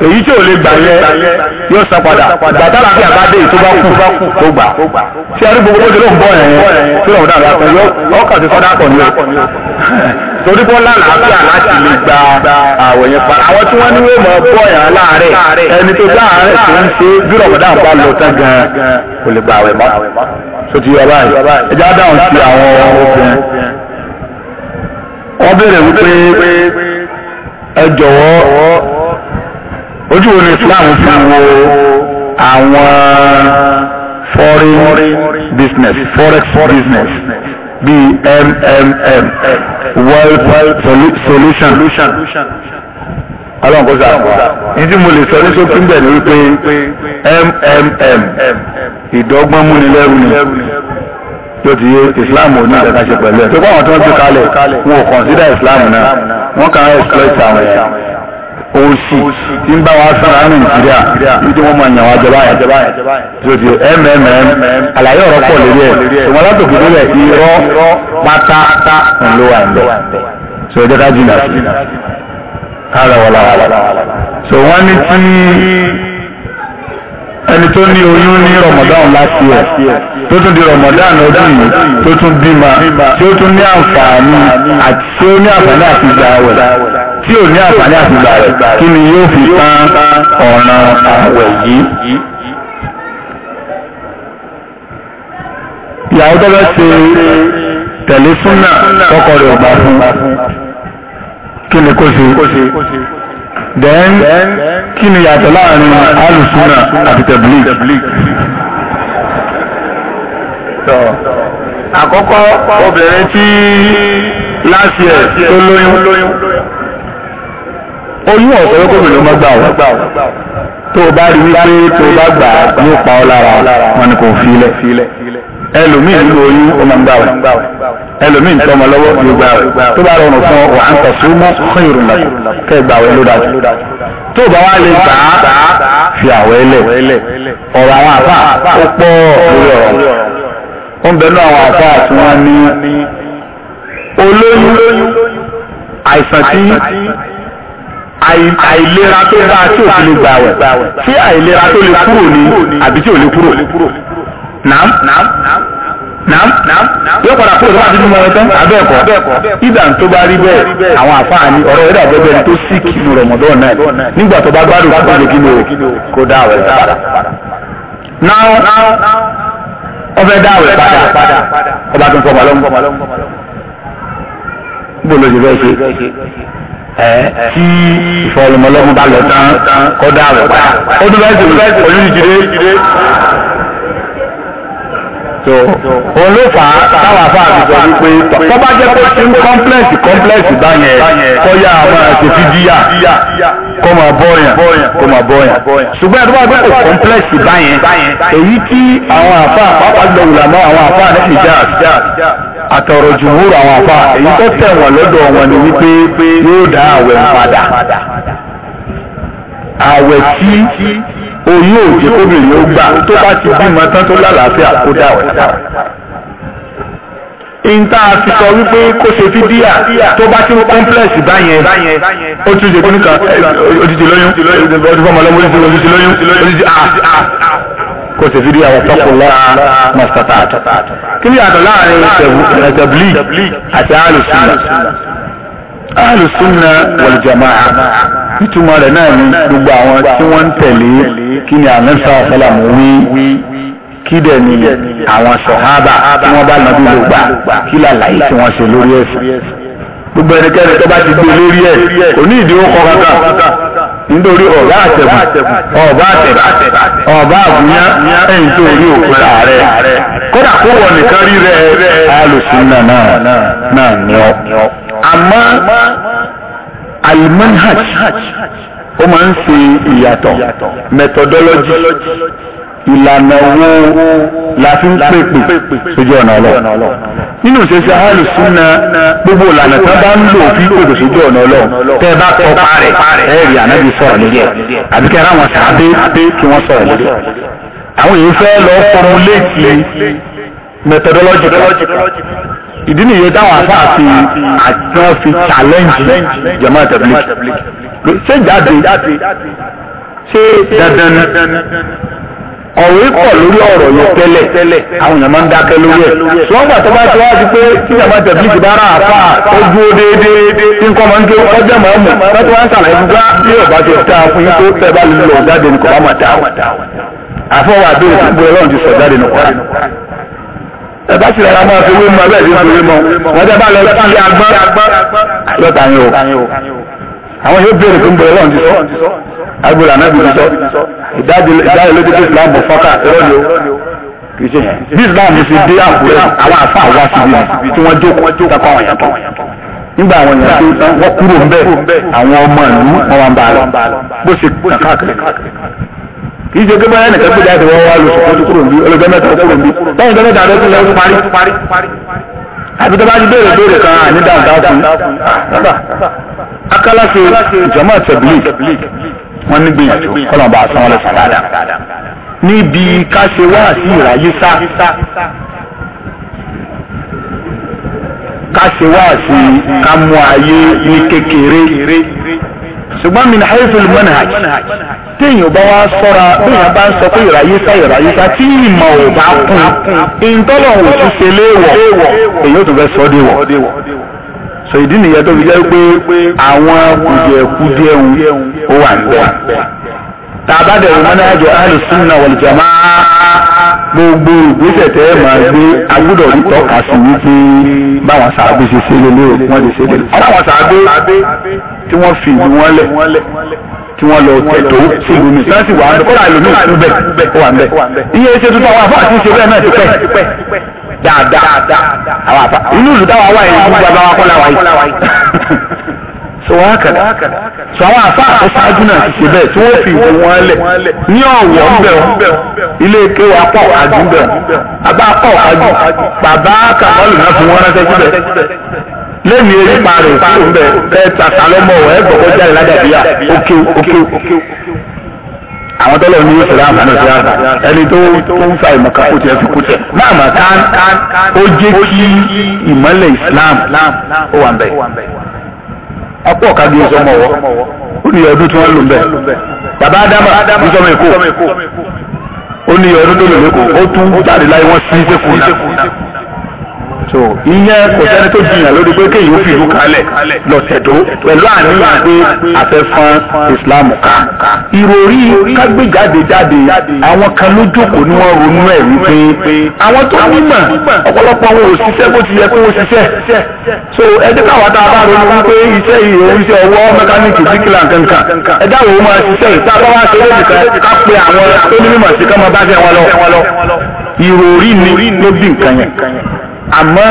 èyí tí ò lè gbà yẹn yóò san padà gbàtà láti àbádé tó bá kù tó tí a gbogbo tó ló ń bọ̀ yẹn tí lòun sọ́dá pọ̀ ní o torí bọ́ lálàáfíà láti lè gba àwọ̀ yẹn pa àwọn tí wọ́n ní wọ́n mọ̀ bọ́ yẹn láàárẹ̀ ẹni tó láàárẹ̀ tó ń ṣe bí bá lọ tán gan kò lè àwẹ̀ mọ́ dáhùn sí àwọn obìnrin wọ́n béèrè wípé ojú wo ni Islam fi wo àwọn foreign business forex business bíi mmm world solution ọlọ́run kó sáà wá ní tí mo lè sọ ní sókè ńbẹ̀ ni wípé mmm ìdọ́gbọ́n múni ni tó ti yé islam ò ní ìdẹ́ka ṣe pẹ̀lú ẹ̀ tó bá wọn tó ń gbé kalẹ̀ wọn ò kọ̀ǹsídà islam náà wọ́n kàn án exploit àwọn yẹn òsì tí ń bá wa sára ní nàìjíríà nítorí wọn máa yàn wá jọba yẹn tí o ti mmm àlàyé ọ̀rọ̀ pọ̀ lórí ẹ̀ ìwọ̀n látòkè lórí ẹ̀ irọ́ pátá ńlọ wà ńlọ so ẹjọ́ ká jìnnà sí ká lọ wọlá wọlá so wọ́n ní tí ẹni tó ní oyún ní Ramadan láti ẹ̀ tó tún di Ramadan ọdún yìí tó tún bímọ tí ó tún ní àǹfààní àti tí ó ní àǹfààní àti ìgbà àwẹ̀ tí ò ní àǹfààní àti ìgbà rẹ̀ kí ni yóò fi tán ọ̀ràn àwẹ̀ yìí. ìyàwó tó fẹ́ ṣe tẹ̀lé súnà tọkọ rẹ̀ ọ̀gbà fún kí ni kó ṣe then kí ni yàtọ̀ láàrin alùsùnà àti tẹ̀blík. àkọ́kọ́ obìnrin tí last year tó lóyún oyún ọ̀sẹ̀ lókòwé ló má gbà wọ́n tó o bá rí wípé tó o bá gbà á yóò pa ọ́ lára wọn ni kò fi lẹ̀ ẹlòmíì nínú oyún ó má gbà wọ́n ẹlòmíì ń tọmọ lọ́wọ́ yóò gbà rẹ̀ tó bá rọrùn fún wa ń tọ̀ sí mọ́ khairun lak kẹ́ gbà wẹ́ ló dájú tó bá wá lè gbà á fi àwọ̀ ẹlẹ̀ ọ̀rọ̀ àwọn àfà ó pọ̀ lórí ọ̀rọ̀ ó ń bẹ náà àwọn àfà tí wọ́n ní olóyún àìsàn tí àìlera tó bá tí ò fi lè gbà wẹ̀ tí àìlera tó lè kúrò ní àbí tí ò lè kúrò nàám. yóò padà kúrò láti nínú ọmọ tán abẹ́ẹ̀kọ́ ìdá tó bá rí bẹ́ẹ̀ àwọn àfáàní ọ̀rọ̀ ẹ̀dá gẹ́gẹ́ tó sì kínú rọ̀mọ̀dọ́ náà nígbà tó bá gbádùn kó lè kínú kó dá àwẹ̀ padà. náà ọbẹ̀ dá àwẹ̀ padà ọba tó ń ṣe tí bá lọ tán kó dá àwẹ̀ padà ó dúró òun ló fà á táwọn afáàbí sọ wípé tó bá jẹ́ pé tí ń kọ́ńplẹ̀sì kọ́ńplẹ̀sì bá yẹn kọ́yà máa ṣe fídíà kó máa bọ́yàn kó máa bọ́yàn ṣùgbọ́n ẹ̀rọ bá gbé kò kọ́ńplẹ̀sì bá yẹn èyí tí àwọn afáà pápá gbẹ̀wùlà mọ́ àwọn afáà ní ìjà àtọ̀rọ̀ jùmúrù àwọn afá èyí tó tẹ̀wọ̀n lọ́dọ̀ wọn ni wípé yóò dá àwẹ̀ padà àwẹ̀ tí o oyún òjì kóbìnrin ó gbà tó bá ti bímọ tán tó lálàáfíà kó dà wẹ̀ dà ìta ti sọ wípé kó ṣe fídíà tó bá ti complex báyẹn ó tún ṣe kóníkà odidi lóyún ọdún fọmọ lọ́wọ́ odidi lóyún odidi a kó ṣe fídíà wọ́n tọ́kù lọ́ra mọ́sítátà kí ni àtọ̀ láàrin tẹ̀blì àti àlùsùn alùsùnà wàlìjàmáà nítumọ̀ rẹ̀ náà ni gbogbo àwọn tí wọ́n ń tẹ̀lé kí ni àmẹ́sà ọ̀sálàmù wí kí dẹ̀ ni àwọn sọ̀hábà tí wọ́n bá nàbí ló gbà kí làlàyé tí wọ́n ṣe lórí ẹ̀sìn gbogbo ẹnikẹ́ni tó bá ti gbé lórí ẹ̀ kò ní ìdíwọ́ kọ́ kankan nítorí ọba àtẹ̀gùn ọba àtẹ̀gùn ọba àbúyá ẹ̀yìn tó rí òpin ààrẹ kódà kó wọ nìkan rí rẹ alùsùnà náà ní ọ. àmọ́ alimanhaj ó máa ń ṣe ìyàtọ̀ methodology ìlànà wo la fi ń pèpè sójú ọ̀nà ọlọ́run nínú ìṣesí aháàlù súnà gbogbo ìlànà tí wọn bá ń lò fi pèpè sójú ọ̀nà ọlọ́run tẹ́ ẹ bá kọ́ parẹ̀ ẹ rí ànábì sọ̀rọ̀ lórí ẹ̀ àbíkẹ́ ara wọn sàádé kí wọ́n sọ̀rọ̀ lórí ẹ̀ àwọn èyí fẹ́ lọ fọmúléètì methodology ìdí nìyẹn táwọn afáàfi àti wọn fi challenge jama tablik ṣé jáde ṣé dandan ọ̀rọ̀ ìkọ̀ lórí ọ̀rọ̀ yẹn tẹ́lẹ̀ àwọn èèyàn máa ń dákẹ́ lórí ẹ̀ ṣùgbọ́n gbà tó bá ti wá sí pé tí ìjàmbá tẹ̀bí ti bá rà àfà ó dúró déédéé tí nǹkan máa ń gé ọjọ́ máa ń mú láti wá ń sàlàyé gbá bí ọ̀bá ti ta fún yín tó tẹ̀ bá lè jáde nìkan bá máa àfọwọ́ àbẹ̀rẹ̀ sí gbogbo ọlọ́run ti sọ jáde nìkan ẹ̀bá sì rárá máa fi wé mọ abẹ́ẹ̀ àwọn yóò bèèrè pé ń bọ̀rọ̀ lọ́run ti sọ agbèrè ànábì ti sọ ìdájọ́ lójú pé islam bọ̀ fọ́kà lọ́ọ̀ni o kìí ṣe bí islam ṣe dé àkúrẹ́ àwọn àfa àwa síbi tí wọ́n jókòó takọ àwọn yàtọ̀ nígbà àwọn èèyàn tó wọ́n kúrò ńbẹ̀ àwọn ọmọ ìlú wọn wá ń bá a lọ bó ṣe káàkiri kì í ṣe gbẹ́bẹ́ ẹnì kan jáde wọ́n wá lóṣù kó tó kúrò ń bí ọlọ́gbẹ́ kúrò ń bí lẹ́yìn gbẹ́mẹ́ta àti tó bá ti béèrè béèrè kan àní dáadáa fún akálàṣe ìjọmọ tẹbílì wọn ní gbìyànjú kọlọmọ bá sanwó lẹsàn dáadáa níbi ká ṣe wá sí ìráyé sá ká wá sí ká mú ayé ní kékeré ṣùgbọ́n mi ní haifil manhaj téèyàn bá wá sọ́ra béèyàn bá ń sọ pé ìràyíṣà ìràyíṣà tí ìmọ̀ ò bá kún ìtọ́lọ̀ ò tún ṣe léèwọ̀ èyí ò tún fẹ́ sọ déwọ̀ sọ ìdí nìyẹn tó fi jẹ́ pé àwọn kùdìẹ̀kùdìẹ̀ ń wà ń bẹ̀ tá a bá dẹ̀rù manhaj ahlus sunna wal jamaa gbogbo ìgbésẹ̀ tẹ́ ẹ máa gbé agbọ́dọ̀ rí tọ́ka sí wípé báwọn sàábé ṣe ṣe lé lórí wọ́n lè ṣe lé lórí. báwọn sàábé tí wọ́n fi ìlú wọn lẹ̀ tí wọ́n lọ tẹ̀tọ́ sí ìlú mi láti wà á kọ́ra ìlú mi kú bẹ́ẹ̀ ó wà bẹ́ẹ̀. iye ṣe tuntun àwọn àfáà ti ṣe bẹ́ẹ̀ náà ti pẹ́ dáadáa àwọn àfáà inú ìlú táwa wà yìí gbogbo àbáwá kọ́lá wa yìí. so hákàdà so àwọn àfáà tó ṣáájú náà ti ṣe bẹ́ẹ̀ tí wọ́n fi ìwé wọn lẹ̀ ní ọ̀wọ́ ńbẹ̀ ọ́ ilé kéwà apọ̀ àjù ńbẹ̀ ọ́ abá apọ̀ àjù bàbá kàmọ́lù náà fi wọ́n ránṣẹ́ síbẹ̀ lẹ́mi eré parí òkú ńbẹ̀ ẹ tàkà lọ́mọ ẹ gbọ́kọ́ jáde ládàbíyà òkè òkè àwọn tọ́lọ̀ ní ìṣẹ̀lẹ̀ àmàlà sí àgbà ẹni tó ń fa ìmọ̀ká kó tiẹ̀ fi kú tẹ̀. máa mà tán ó jẹ́ kí ìmọ̀lẹ̀ Islam ó wà ń bẹ̀ ẹkú ọ̀ka dúró sọmọ wọ ó ní ọdún tí wọ́n lò ń bẹ̀ bàbá adama ló sọmọ èkó ó ní ọdún tó lò lẹ́kọ̀ọ́ ó tún jáde láyé wọ́n sí sẹ́kù náà so ìyẹn kò sẹ́ni tó jiyàn lórí pé kéyìn ó fi ìlú kalẹ̀ lọ́tẹ̀dó pẹ̀lú àníyàn pé àfẹ́fọ́n islam ká ìròrí kágbéjáde jáde àwọn kan ló jókòó ni wọ́n ronú ẹ̀ wípé àwọn tó nímọ̀ ọ̀pọ̀lọpọ̀ wọn ò ṣiṣẹ́ bó ti yẹ kó wọ́n ṣiṣẹ́ so ẹjẹ́ káwọn tá a bá ronú wípé iṣẹ́ yìí òun iṣẹ́ ọwọ́ mẹkáníìkì bíkìlà nǹkan kan ẹjẹ́ àwọn máa ṣiṣẹ́ yìí tá a bá wá ṣe lónìkan ìròrí ni ló bí nǹkan yẹn àmọ́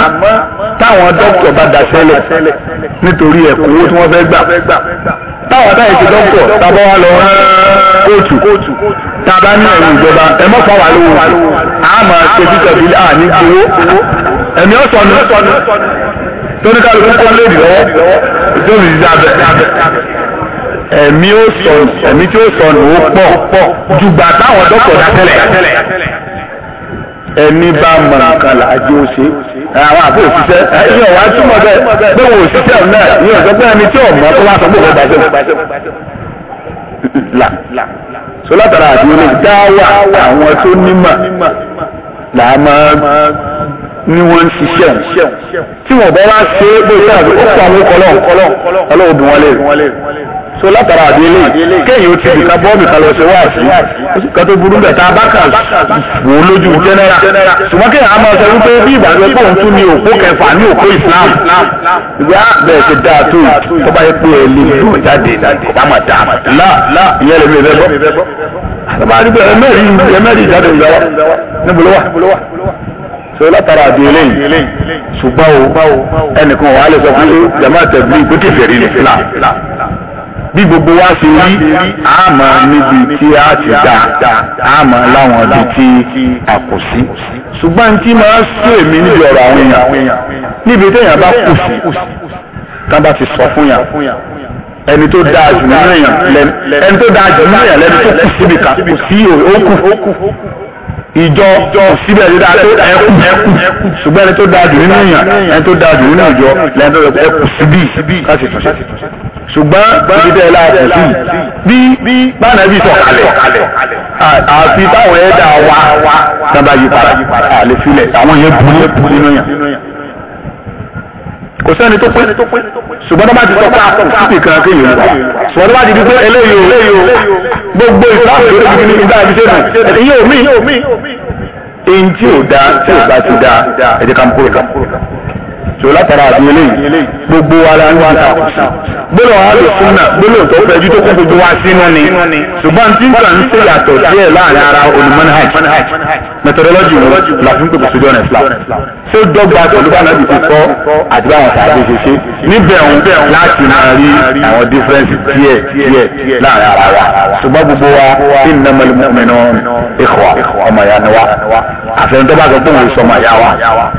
táwọn dókítà bá daṣẹ́lẹ̀ nítorí ẹ̀kọ́ owó tí wọ́n fẹ́ gbà táwọn adáyé ti dókítà tábọ́ wa lọ kóòtù tábà ní ẹ̀rù ìjọba ẹ̀ mọ́ fáwọn àlówó àmọ́ ṣe títẹ̀ bí a ní owó ẹ̀mí ọ̀sán ni tóní kálukú kọ́ léèdì lọ́wọ́ ìjọba ìjà bẹ̀. ẹ̀mí ó sọnù ẹ̀mí tí ó sọnù ó pọ̀ jùgbà táwọn dókítà dákẹ́lẹ̀ ẹni bá mọ nǹkan là á jẹ́ ó ṣe àwọn àbò òṣìṣẹ́ ẹ̀yìn ọ̀wá túmọ̀ bẹ́ẹ̀ pé wò òṣìṣẹ́ náà ní ọ̀sẹ̀ pé ẹni tí ọ̀mọ́ tó wá sọ pé òun gbàṣẹ́ sọlátara àti olè dáwà àwọn tó nímọ̀ là á máa ní wọ́n ń ṣiṣẹ́ tí wọ́n bá wá ṣe é bóyá ó kọ àwọn kọlọ́ọ̀ kọlọ́ọ̀ ọlọ́ọ̀dùn wọlé so látara àdéhùn kéèyàn ti bìkà bọ́ọ̀lù kalọ̀ ṣe wá sí kan tó burú bẹ̀ tá a bá kàn wò lójú jẹ́nẹ́ra ṣùgbọ́n kéèyàn á máa sọ wípé bí ìbàdàn pé òun tún ní òpó kẹfà ní òpó Islam ìgbà bẹ́ẹ̀ ṣe dáa tó yìí tó bá yẹ pé ẹ lè dùn jáde dáma dáa là ìyẹn lè mi bẹ́ bọ́ àtàbárí bẹ́ẹ̀ mẹ́rin mẹ́rin ìjáde ìjọba níbo ló wà so látara àdìyẹlẹ yìí ṣùgbọ́n ẹnìkan wà á lè sọ fún jama tẹ̀gbìn pé kẹfẹ́ bí gbogbo wa ṣe rí àmọ́ níbi tí a ti dá àmọ́ láwọn ibi tí a kò sí ṣùgbọ́n tí máa sún èmi níbi ọ̀rọ̀ àwọn èèyàn níbi téèyàn bá kù sí tá bá ti sọ fún yàn ẹni tó dáa jù nínú èèyàn ẹni tó dáa jù nínú èèyàn lẹni tó kù síbi kan kù sí òkú ìjọ síbẹ̀ ní dáa tó ẹkù ṣùgbọ́n ẹni tó dáa jù nínú èèyàn ẹni tó dáa jù nínú ìjọ lẹni tó ẹkù síbi láti túnṣe ṣùgbọ́n ìdílé láti sí bí bánàbí sọ̀kalẹ̀ àti báwọn ẹ̀dá wa sábà yí padà àlè sílẹ̀ àwọn yẹn bu nínú yàn. kò sẹ́ni tó pé ṣùgbọ́n tó bá ti sọ pé àtúntì kan kéèyàn wà ṣùgbọ́n tó bá ti di pé eléyìí o gbogbo ìsáàpù tó ti di nígbà ibi sẹ́nu èyí ò mí èyí tí ò dá tí ò bá ti dá ẹ̀jẹ̀ ká ń kúrò kan tó látara àbí eléyìí gbogbo ara ń wá ta gbọ́dọ̀ alùsùn náà gbọ́dọ̀ tó fẹjú tó kún gbogbo wa sínú ni ṣùgbọ́n tí nǹkan ń ṣe yàtọ̀ díẹ̀ láàrin ara olùmọ́nhàj methodology wo làfi ń pè kò sójú ọ̀nà islam ṣé dọ́gba pẹ̀lú bá nàbì ti kọ́ àti báwọn tàbí ṣe ṣe níbẹ̀ òun láti máa rí àwọn difference díẹ̀ díẹ̀ láàrin ara wa ṣùgbọ́n gbogbo wa innamal mu'minun ikhwa ọmọ ìyá ni wa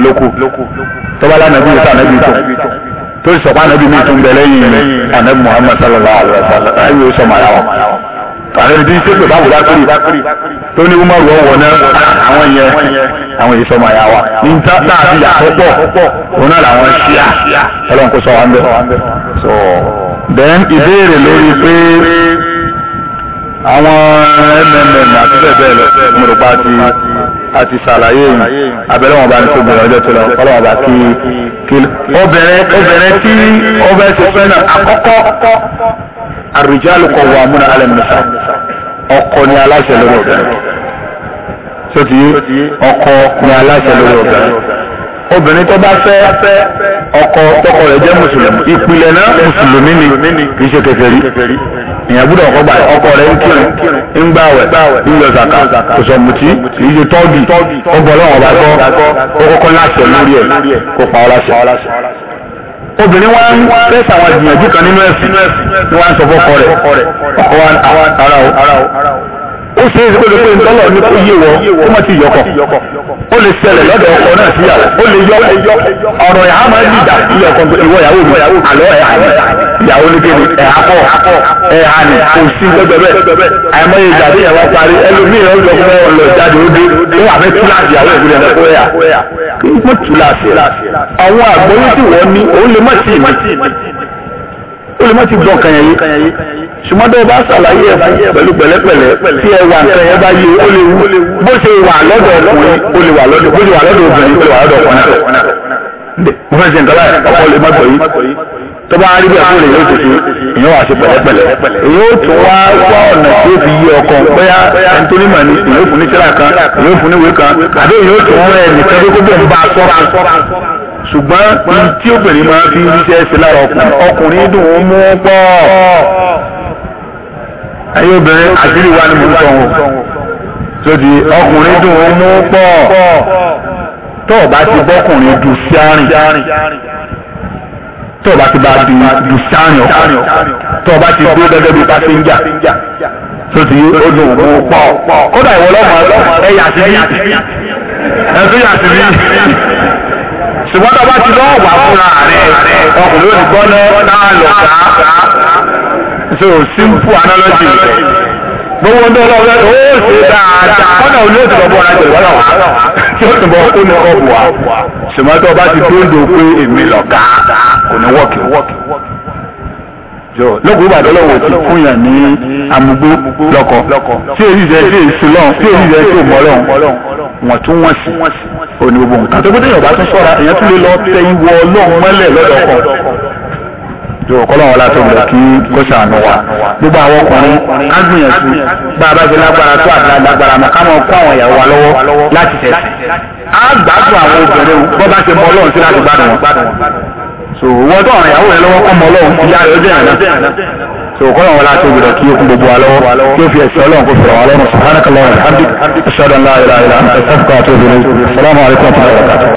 lóku tọ́ba lánàá bí yóò sá ànábì tó tó sì sọ̀kọ́ ànábì mi tún bẹ lẹ́yìn ànábì Muhammad sallallahu alayhi wa sallam ànábì yóò sọ màrà wọn. ààrẹ ní tí pé báwo dákúrì tó ní umar wọ́n wọ̀ náà àwọn yẹn àwọn èyí sọ màrà wa ní tá a ti yàtọ̀ pọ̀ òun náà làwọn ṣíà ọlọ́run kò sọ wa ń bẹ̀. then ìbéèrè lórí pé àwọn mmm àti bẹ́ẹ̀ bẹ́ẹ̀ lọ mọ̀rọ̀pá ti àti ṣàlàyé yìí abẹ́rẹ́ wọn bá ní fún ọjọ́ tó lọ ọlọ́wọ́n bá kí kí. obìnrin obìnrin tí ó fẹ́ ṣe náà àkọ́kọ́ àrùjálù kọ̀ wà múna alẹ́ nìsa ọkọ ni aláṣẹ lórí obìnrin sótìyé ọkọ ni aláṣẹ lórí obìnrin obìnrin tó bá fẹ́ ọkọ tọkọ rẹ̀ jẹ́ mùsùlùmí ìpìlẹ̀ náà mùsùlùmí ni kì í ṣe kèfèrí èèyàn gbúdọ̀ ọkọ gbà ọkọ rẹ̀ ń kírun ń gbàwẹ̀ ń yọ zàkà kò sọ mùtí kì í ṣe tọ́ọ̀gì ó gbọ́ lọ́wọ́ bá gbọ́ ó kọ́kọ́ láṣẹ lórí ẹ̀ kó pa ọ́ láṣẹ obìnrin wa ń fẹ́ sàwọn ìgbìyànjú kan nínú ẹ̀sìn ni wọ́n á sọ fọ́kọ rẹ̀ ọkọ wa ara o ó ṣe é ṣe pé pé ńlọ́lọ́ ní kó yé wọ kó má ti yọkọ̀ ó lè ṣẹlẹ̀ lọ́dọ̀ ọkọ náà sí yàrá ó lè yọ ọ̀rọ̀ ẹ̀ á máa ń dìjà sí ọkọ̀ ìwọ ìyàwó mi àlọ́ ẹ̀ àní ìyàwó ní kéde ẹ̀ akọ̀ ẹ̀ àní kò sí gbẹgbẹ bẹ́ẹ̀ àìmọye ìjà bí parí ẹlòmíràn ó lọ fún ọ lọ jáde ó dé ó wà fẹ́ túláàsì ìyàwó ìgbìlẹ̀ olùmọ̀ ti gbọ́ kàn yẹn yìí ṣùgbọ́n tó o bá ṣàlàyé ẹ̀ pẹ̀lú pẹ̀lẹ́pẹ̀lẹ́ tí ẹ wà nǹkan yẹn bá yé o lè wú bó ṣe wà lọ́dọ̀ ọkùnrin o lè wà lọ́dọ̀ bó ṣe wà lọ́dọ̀ obìnrin o lè wà lọ́dọ̀ ọkùnrin mo fẹ́ ṣe nǹkan láì ọkọ lè má gbọ́ yìí tó bá rí bẹ́ẹ̀ fún rẹ̀ yóò tètè ìyẹn wà sí pẹ̀lẹ́pẹ̀lẹ́ èyí ó tún wá wá ọ̀nà tí ó fi yí ọkọ bóyá ẹni tó ní mọ̀ ní ìyóò fún ní tíra kan ìyóò fún ní ìwé kan àbí ìyóò tún rẹ̀ nìkan tó gbogbo ń bá a sọ́ra ṣùgbọ́n ibi tí obìnrin máa fi ríṣẹ́ ṣe lára ọkùnrin ọkùnrin dùn ún mú pọ̀ ayé obìnrin àṣírí wa ni mo ń sọ wọn sódì ọkùnrin dùn ún mú pọ̀ tó o bá ti bọ́kùnrin dùn sí àárín tó o bá ti bá dùn sí àárín ọkùnrin tó o bá ti dúró gẹ́gẹ́ bí pásíńjà sódì ó dùn ún mú pọ̀ kódà ìwọ lọ́mọ ẹ̀yà sí bí ẹ̀tún yà sí bí ṣùgbọ́n tó bá ti lọ́wọ́ wà fúnra rẹ̀ ọkùnrin ò ní gbọ́ná náà lọ sá. so simple analogy rẹ̀ gbogbo ndé ọlọ́run rẹ̀ ó ṣe dáadáa kọ́nà òní ó ti lọ bọ́ ọ̀rá jẹ̀ lọ́wọ́ tí ó ti bọ́ ó ní ọ̀bù wa ṣùgbọ́n tó bá ti dóńdó pé èmi lọ̀gá kò ní wọ́ọ̀kì wọ́ọ̀kì lọ́kùnrin bàtà ọlọ́wọ̀ ti fún yàn ní amúgbó lọ́kọ̀ tí èyí jẹ́ sí èyí sílọ̀ tí èyí jẹ́ sí òmọ́lọ́hún wọ̀ntúnwọ̀nsì òní gbogbo nǹkan tó gbọ́dọ̀ yọ̀bá tún sọ́ra èèyàn tún lè lọ tẹ ìwọ ọlọ́run mọ́lẹ̀ lọ́dọ̀ kan tó kọ́lọ́wọ́ la tó ń kí kó sànù wa gbogbo àwọn ọkùnrin ká gbìyànjú bá a bá fi lágbára tó àdá lágbára mọ́ ká kó àwọn ìyàwó wa lọ́wọ́ láti tẹ̀sí á gbádùn àwọn obìnrin bọ́ bá ṣe mọ ọlọ́run sí láti gbádùn wọn. sòwò wọ́n tó àwọn ìyàwó rẹ lọ́wọ́ kọ́ mọ ọlọ́run ìyá rẹ̀ ó سوكون ولا تجد كيكم ببوالو كيف يسألون كفر وعلوم سبحانك اللهم وبحمدك أشهد أن لا إله إلا أنت أستغفرك وأتوب إليك السلام عليكم ورحمة الله وبركاته